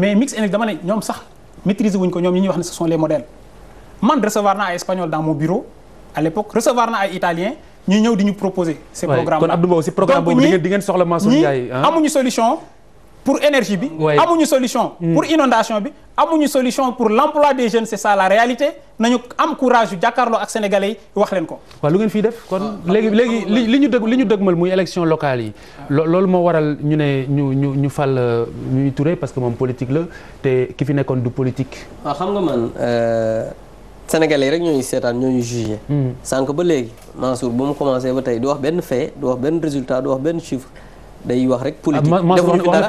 mais mix énergie dama ne ñoom sax maîtriser wuñ ko ñoom ñu ñuy wax ne ce sont les modèles man recevoir naa ay espagnol dans mon bureau à l'époque recevoir naa ay italien ñuy ñëw di ñu proposer. ces programmes kon Abdou Mbow si programme boobu di ngeen soxla Mansour Ndiaye amuñu solution. pour énergie bi amuñu solution mm. pour inondation bi amuñu solution pour l'emploi des jeunes c'est ça la réalité nañu am courage yu jàkkaarloo ak sénégalais yi wax leen ko waaw lu ngeen fii def kon ah, léegi léegi li ñu dëg li ñu dëgmal muy élection locale yi loolu moo waral ñu ne ñu ñu ñu fal ñuy euh, Touré parce que moom politique la te ki fi nekkoon du politique waaw xam nga man euh, sénégalais rek ñooñu seetaan ñooñu jugé mm. sànq ba léegi Mansour ba mu commencé ba tey du wax benn fee du wax benn benn chiffre day wax rek politique ah,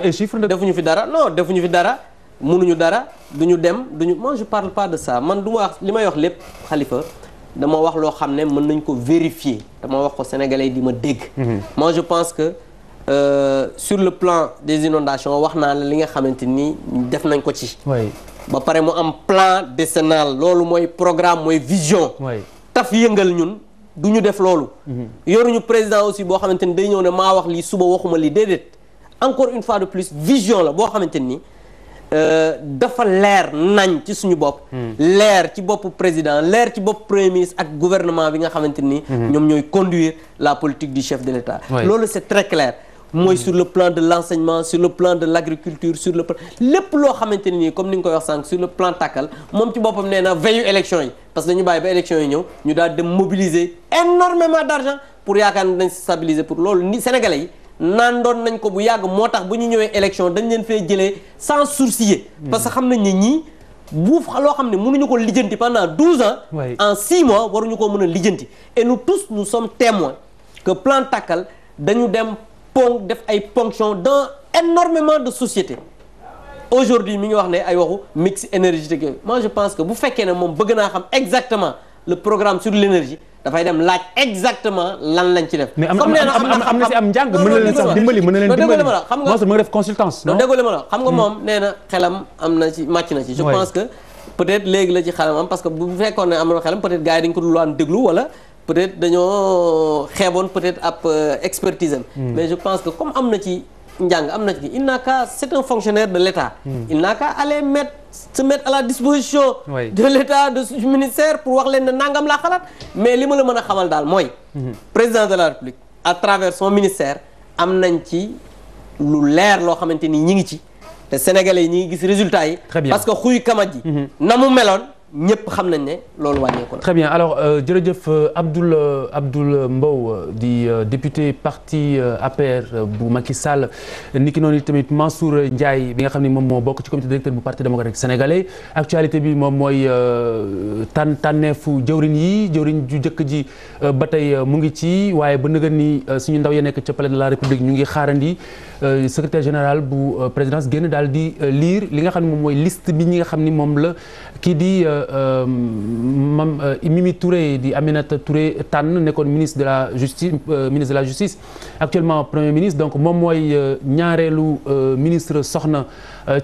defuñu fi dara defuñu fi dara non defuñu fi dara munuñu dara du ñu dem duñu moi je parle pas de ça man du ma wax li may wax lépp xalifa dama wax loo xam ne mën nañ ko vérifier dama wax ko sénégalais di ma dégg mhm. moi je pense que Euh, sur le plan des inondations wax naa la li nga xamante ni def nañ ko ci. ba pare mu am plan décennal loolu mooy programme mooy vision. taf yëngal ñun. du ñu def loolu. Mhm. yoruñu président aussi boo xamante ni day ñëw ne maa wax lii suba waxuma lii déedéet encore une fois de plus vision la boo xamante ni euh, dafa leer nañ ci suñu bopp. Mhm. leer ci bopp président leer ci bopp premier ministre ak gouvernement bi nga xamante ni. Mhm. ñoom ñooy conduire la politique du chef de l'État. loolu c'est très clair. mooy sur le plan de l'enseignement sur le plan de l'agriculture sur le plan lépp loo xamante ne nii comme ni nga koy wax sànq sur le plan tàkkal moom ci boppam nee na veillu élection yi parce que dañu bàyyi ba élection yi ñëw ñu daal dem pour yaakaar ne dañ stabiliser pour loolu ni sénégalais yi naan doon nañ ko bu yàgg moo tax bu ñu ñëwee élection dañ leen fee jëlee sans sourciller hmm. parce que xam nañ ne ñii bu loo xam ne mënuñu ko lijjanti pendant 12 ans oui. en 6 mois waruñu ko mën a lijjanti et nous tous nous sommes témoins que plan dañu dem ponk def ay ponction dans énormément de sociétés aujourd'hui mi ngi wax ne ay waxu mix énergétique yooyu moi je pense que bu fekkee ne moom bëgg naa xam exactement le programme sur l'énergie dafay dem laaj exactement lan lañ ci def. comme nee na am na si am njàng mën na leen sax dimbali mën na leen dimbali xam nga mën nga def consultance. non déggoo ma la xam nga hmm. moom nee na xelam am na ci na ci. je pense que peut-être léegi la ci xelam am na xelam wala. peut-être dañoo xeeboon peut-être ab euh, expertise hmm. mais je pense que comme am na ci njàng am na ci il n'a qu'à c'est un fonctionnaire de l'État hmm. il n'a qu'à aller mettre se mettre à la disposition de l'État du ministère pour wax leen ne nangam laa xalaat mais li ma la mën a xamal daal mooy hmm. président de la République à travers son ministère am nañ ci lu leer loo xamante ni ñi ngi ci te sénégalais yi ñi ngi gis résultat yi parce que xuy kamat na mu meloon ñëpp xam nañ ne loolu wàññeeku la. très bien alors euh, jërëjëf euh, Abdoul euh, Abdoul Mbow di député parti APR bu Macky Sall ni ki noonu tamit Mansour Ndiaye bi nga xam ne moom moo bokk ci comité directeur bu parti démocratique sénégalais actualité bi moom mooy tànn tànneefu jëwriñ yi jëwriñ ju njëkk ji ba tey mu ngi ci waaye ba nëgën ni suñu ndaw ya nekk ca palais de la république ñu ngi xaarandi secrétaire général bu présidence génn daal di liir li nga xam ne moom mooy liste bi ñi nga xam ni moom la. kii di euh, euh, mam euh, Mimi Touré di Aminata Touré tànn nekkoon ministre de la justice ministre de la justice actuellement premier ministre donc moom mooy ñaareelu ministre soxna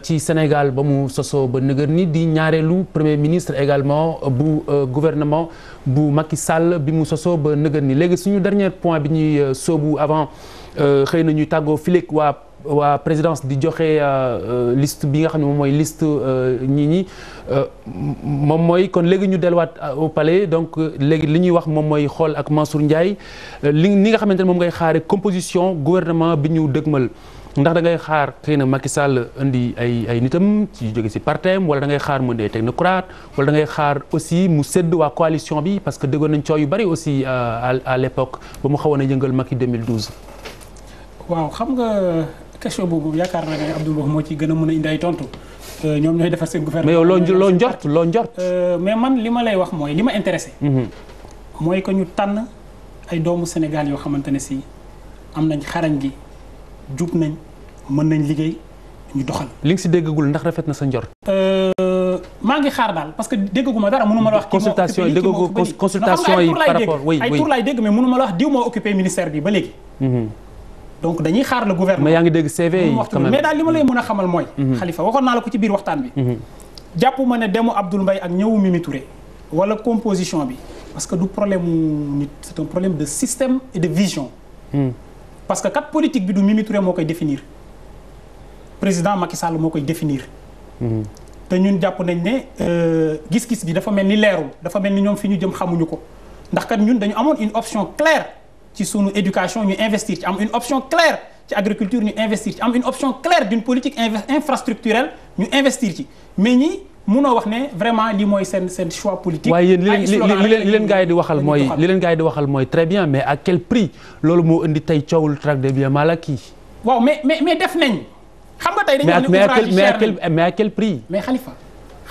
ci Sénégal ba mu sosoo ba nëgër ni di ñaareelu premier ministre également bu gouvernement bu Macky sàll bi mu sosoo ba nëgër ni léegi suñu dernier point bi ñuy soobu avant xëy na ñuy tàggoo fileeg waa waa présidence di joxe euh, euh, liste bi nga xam ne moom mooy liste ñii euh, ñi moom mooy kon léegi ñu delluwaat au palais donc léegi li ñuy wax moom mooy xool ak Mansour Ndiaye li ni nga xamante ne moom ngay xaare composition gouvernement bi ñu mal ndax da ngay xaar xëy na Macky Sall indi ay ay nitam ci jóge si partem wala da ngay xaar mu dee technocrate wala da ngay xaar aussi mu sedd waa coalition bi parce que déggoon nañ coow yu bari aussi à à l'époque ba mu xawoon a yëngal Macky 2012. waaw xam question boobu yaakaar na ne Abdou Mbow moo ci gën a mën a indi ay tontu euh, ñoom ñooy defar seen gouvernement. mais yow loo loo njort euh, loo njort. mais man li ma lay wax mooy li ma intéressé. Mm-hmm. mooy que ñu tànn ay doomu Sénégal yoo xamante ne si am nañ xarañ gi jub nañ mën nañ liggéey ñu doxal. li nga si déggagul ndax rafet na sa njor euh, maa ngi xaar daal parce que déggaguma dara mënu ma la wax. consultation yi déggagoo consultation yi par rapport oui oui ay tur la wax diw moo occupé ministère bi ba léegi. Mm-hmm. donc dañuy xaar le gouvernement. mais yaa ngi dégg CV yi quand même mais daal li ma lay mën a xamal mooy. xalifa mm-hmm. waxoon naa la ko ci biir waxtaan bi. Mm-hmm. jàpp ma ne demu Abdoul Mbaye ak ñëwu Mimi Touré wala composition bi parce que du problème mu nit c'est un problème de système et de vision. Mm. parce que kat politique bi du Mimi moo koy définir président Macky Sall moo koy définir. Mm-hmm. te ñun jàpp nañ ne euh, gis-gis bi dafa mel ni leerul dafa mel ni ñoom fi ñu jëm xamuñu ko ndax kat ñun dañu une option claire. ci sunu éducation ñu investir ci am une option claire ci agriculture ñu investir ci am une option claire d'une politique infrastructurelle ñu investir ci mais ñi munoo wax ne vraiment li mooy seen seen choix politique. waaye yéen li leen li di waxal mooy li leen gars di waxal mooy très bien mais à quel prix loolu moo indi tey coowul traque des biens mal acquis. waaw mais mais mais def nañ. xam nga tey dañu ne ouvrage yi cher mais à quel prix.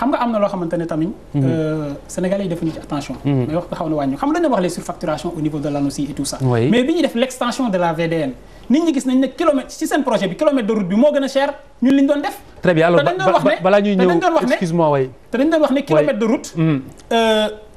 xam nga am na loo xamante ne tamit. Mhm. Euh, Sénégalais yi defuñu ci attention. Mhm. mais wax xaw na wàññi xam nga dañu wax les surfacturations au niveau de l'ANOCI et tout ça. mais bi ñuy def l'extension de la VDN. nit ñi gis ne kilomètre ci seen projet bi kilomètre de route bi moo gën a cher ñun li ñu doon def. très bien alors balaa ñuy ñëw excuse-moi te ne doon wax ne kilomètre de route. Mhm. Euh,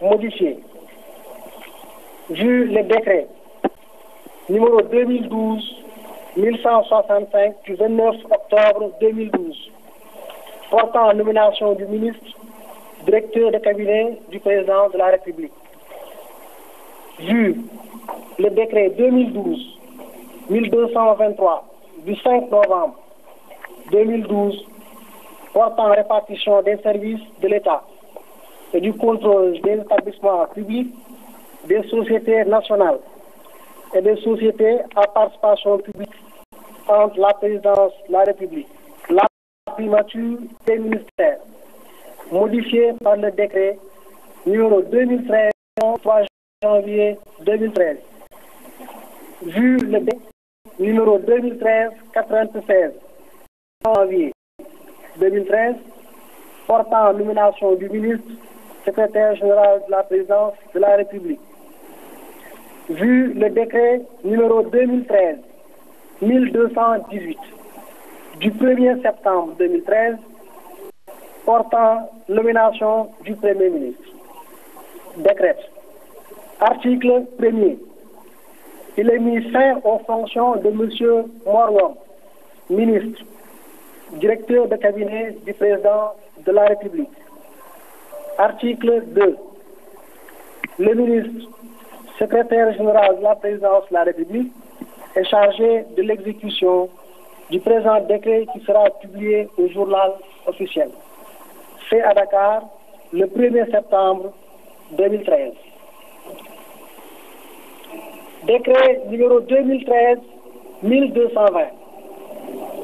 modifié vu le décret numéro 2012 1165 du 29 octobre 2012 portant nomination du ministre directeur de cabinet du président de la République. Vu le décret 2012 1223 du 5 novembre 2012 portant répartition des services de l'État et du contrôle des établissements publics, des sociétés nationale et des sociétés à participation publique entre la présidence, la République, la primature des ministères, modifié par le décret numéro 2013 3 janvier 2013. Vu le décret numéro 2013-96 janvier 2013 portant nomination du ministre secrétaire général de la présidence de la République, vu le décret numéro 2013-1218 du 1er septembre 2013 portant nomination du Premier ministre. Décret. Article 1er. Il est mis fin aux fonctions de Monsieur Morwan, ministre, directeur de cabinet du président de la République Article 2. Le ministre, secrétaire général de la présidence la République, est chargé de l'exécution du présent décret qui sera publié au journal officiel. Fait à Dakar le premier er septembre 2013. Décret numéro 2013-1220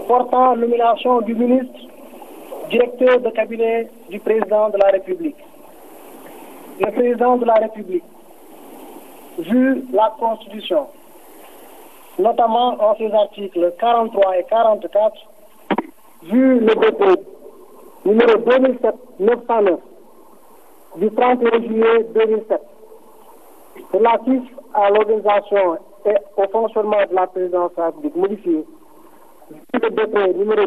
portant nomination du ministre directeur de cabinet du président de la République. Le président de la République, vu la Constitution, notamment en ses articles 43 et 44, vu le décret numéro 2007-909 du juillet relatif à l'organisation et au fonctionnement de la présidence de la République modifié, vu le décret numéro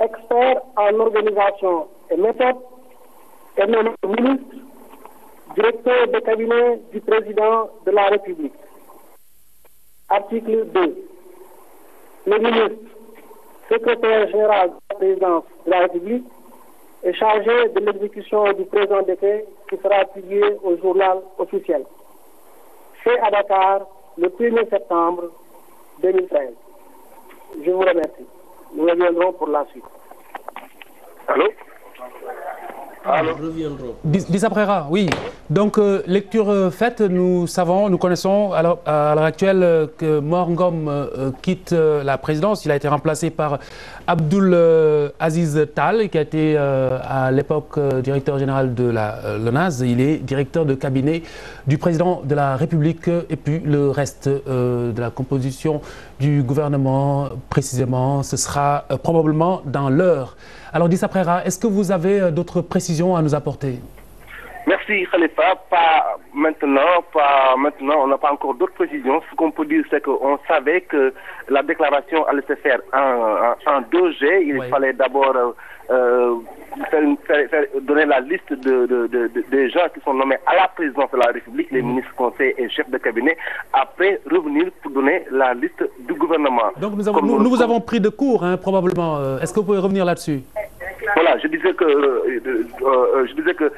expert en organisation et méthode, et nommé ministre, directeur de cabinet du président de la République. Article 2. Le ministre, secrétaire général de la présidence de la République, est chargé de l'exécution du présent décret qui sera publié au journal officiel. Fait à Dakar le 1er septembre 2013. Je vous remercie. nous reviendrons pour la suite. Allô Allô Donc, euh, lecture euh, faite, nous savons, nous connaissons à l'heure actuelle euh, que Morgom euh, euh, quitte la présidence. Il a été remplacé par Abdul Aziz Tal, qui a été à l'époque directeur général de la l'ONAS. Il est directeur de cabinet du président de la République et puis le reste de la composition du gouvernement, précisément, ce sera probablement dans l'heure. Alors, Dissa Prera, est-ce que vous avez euh, d'autres précisions à nous apporter Merci Khalifa. Pas maintenant, pas maintenant, on n'a pas encore d'autres précisions. Ce qu'on peut dire, c'est qu'on savait que la déclaration allait se faire en, en, en 2G. Il ouais. fallait d'abord euh, Euh, faire, une, faire, faire, donner la liste de, de, de, de, des gens qui sont nommés à la présidence de la République, les mm. ministres conseils et chefs de cabinet, après revenir pour donner la liste du gouvernement. Donc nous, avons, nous, nous vous avons pris de court, hein, probablement. Euh, est-ce que vous pouvez revenir là-dessus Voilà, je disais que, euh, euh, euh je disais que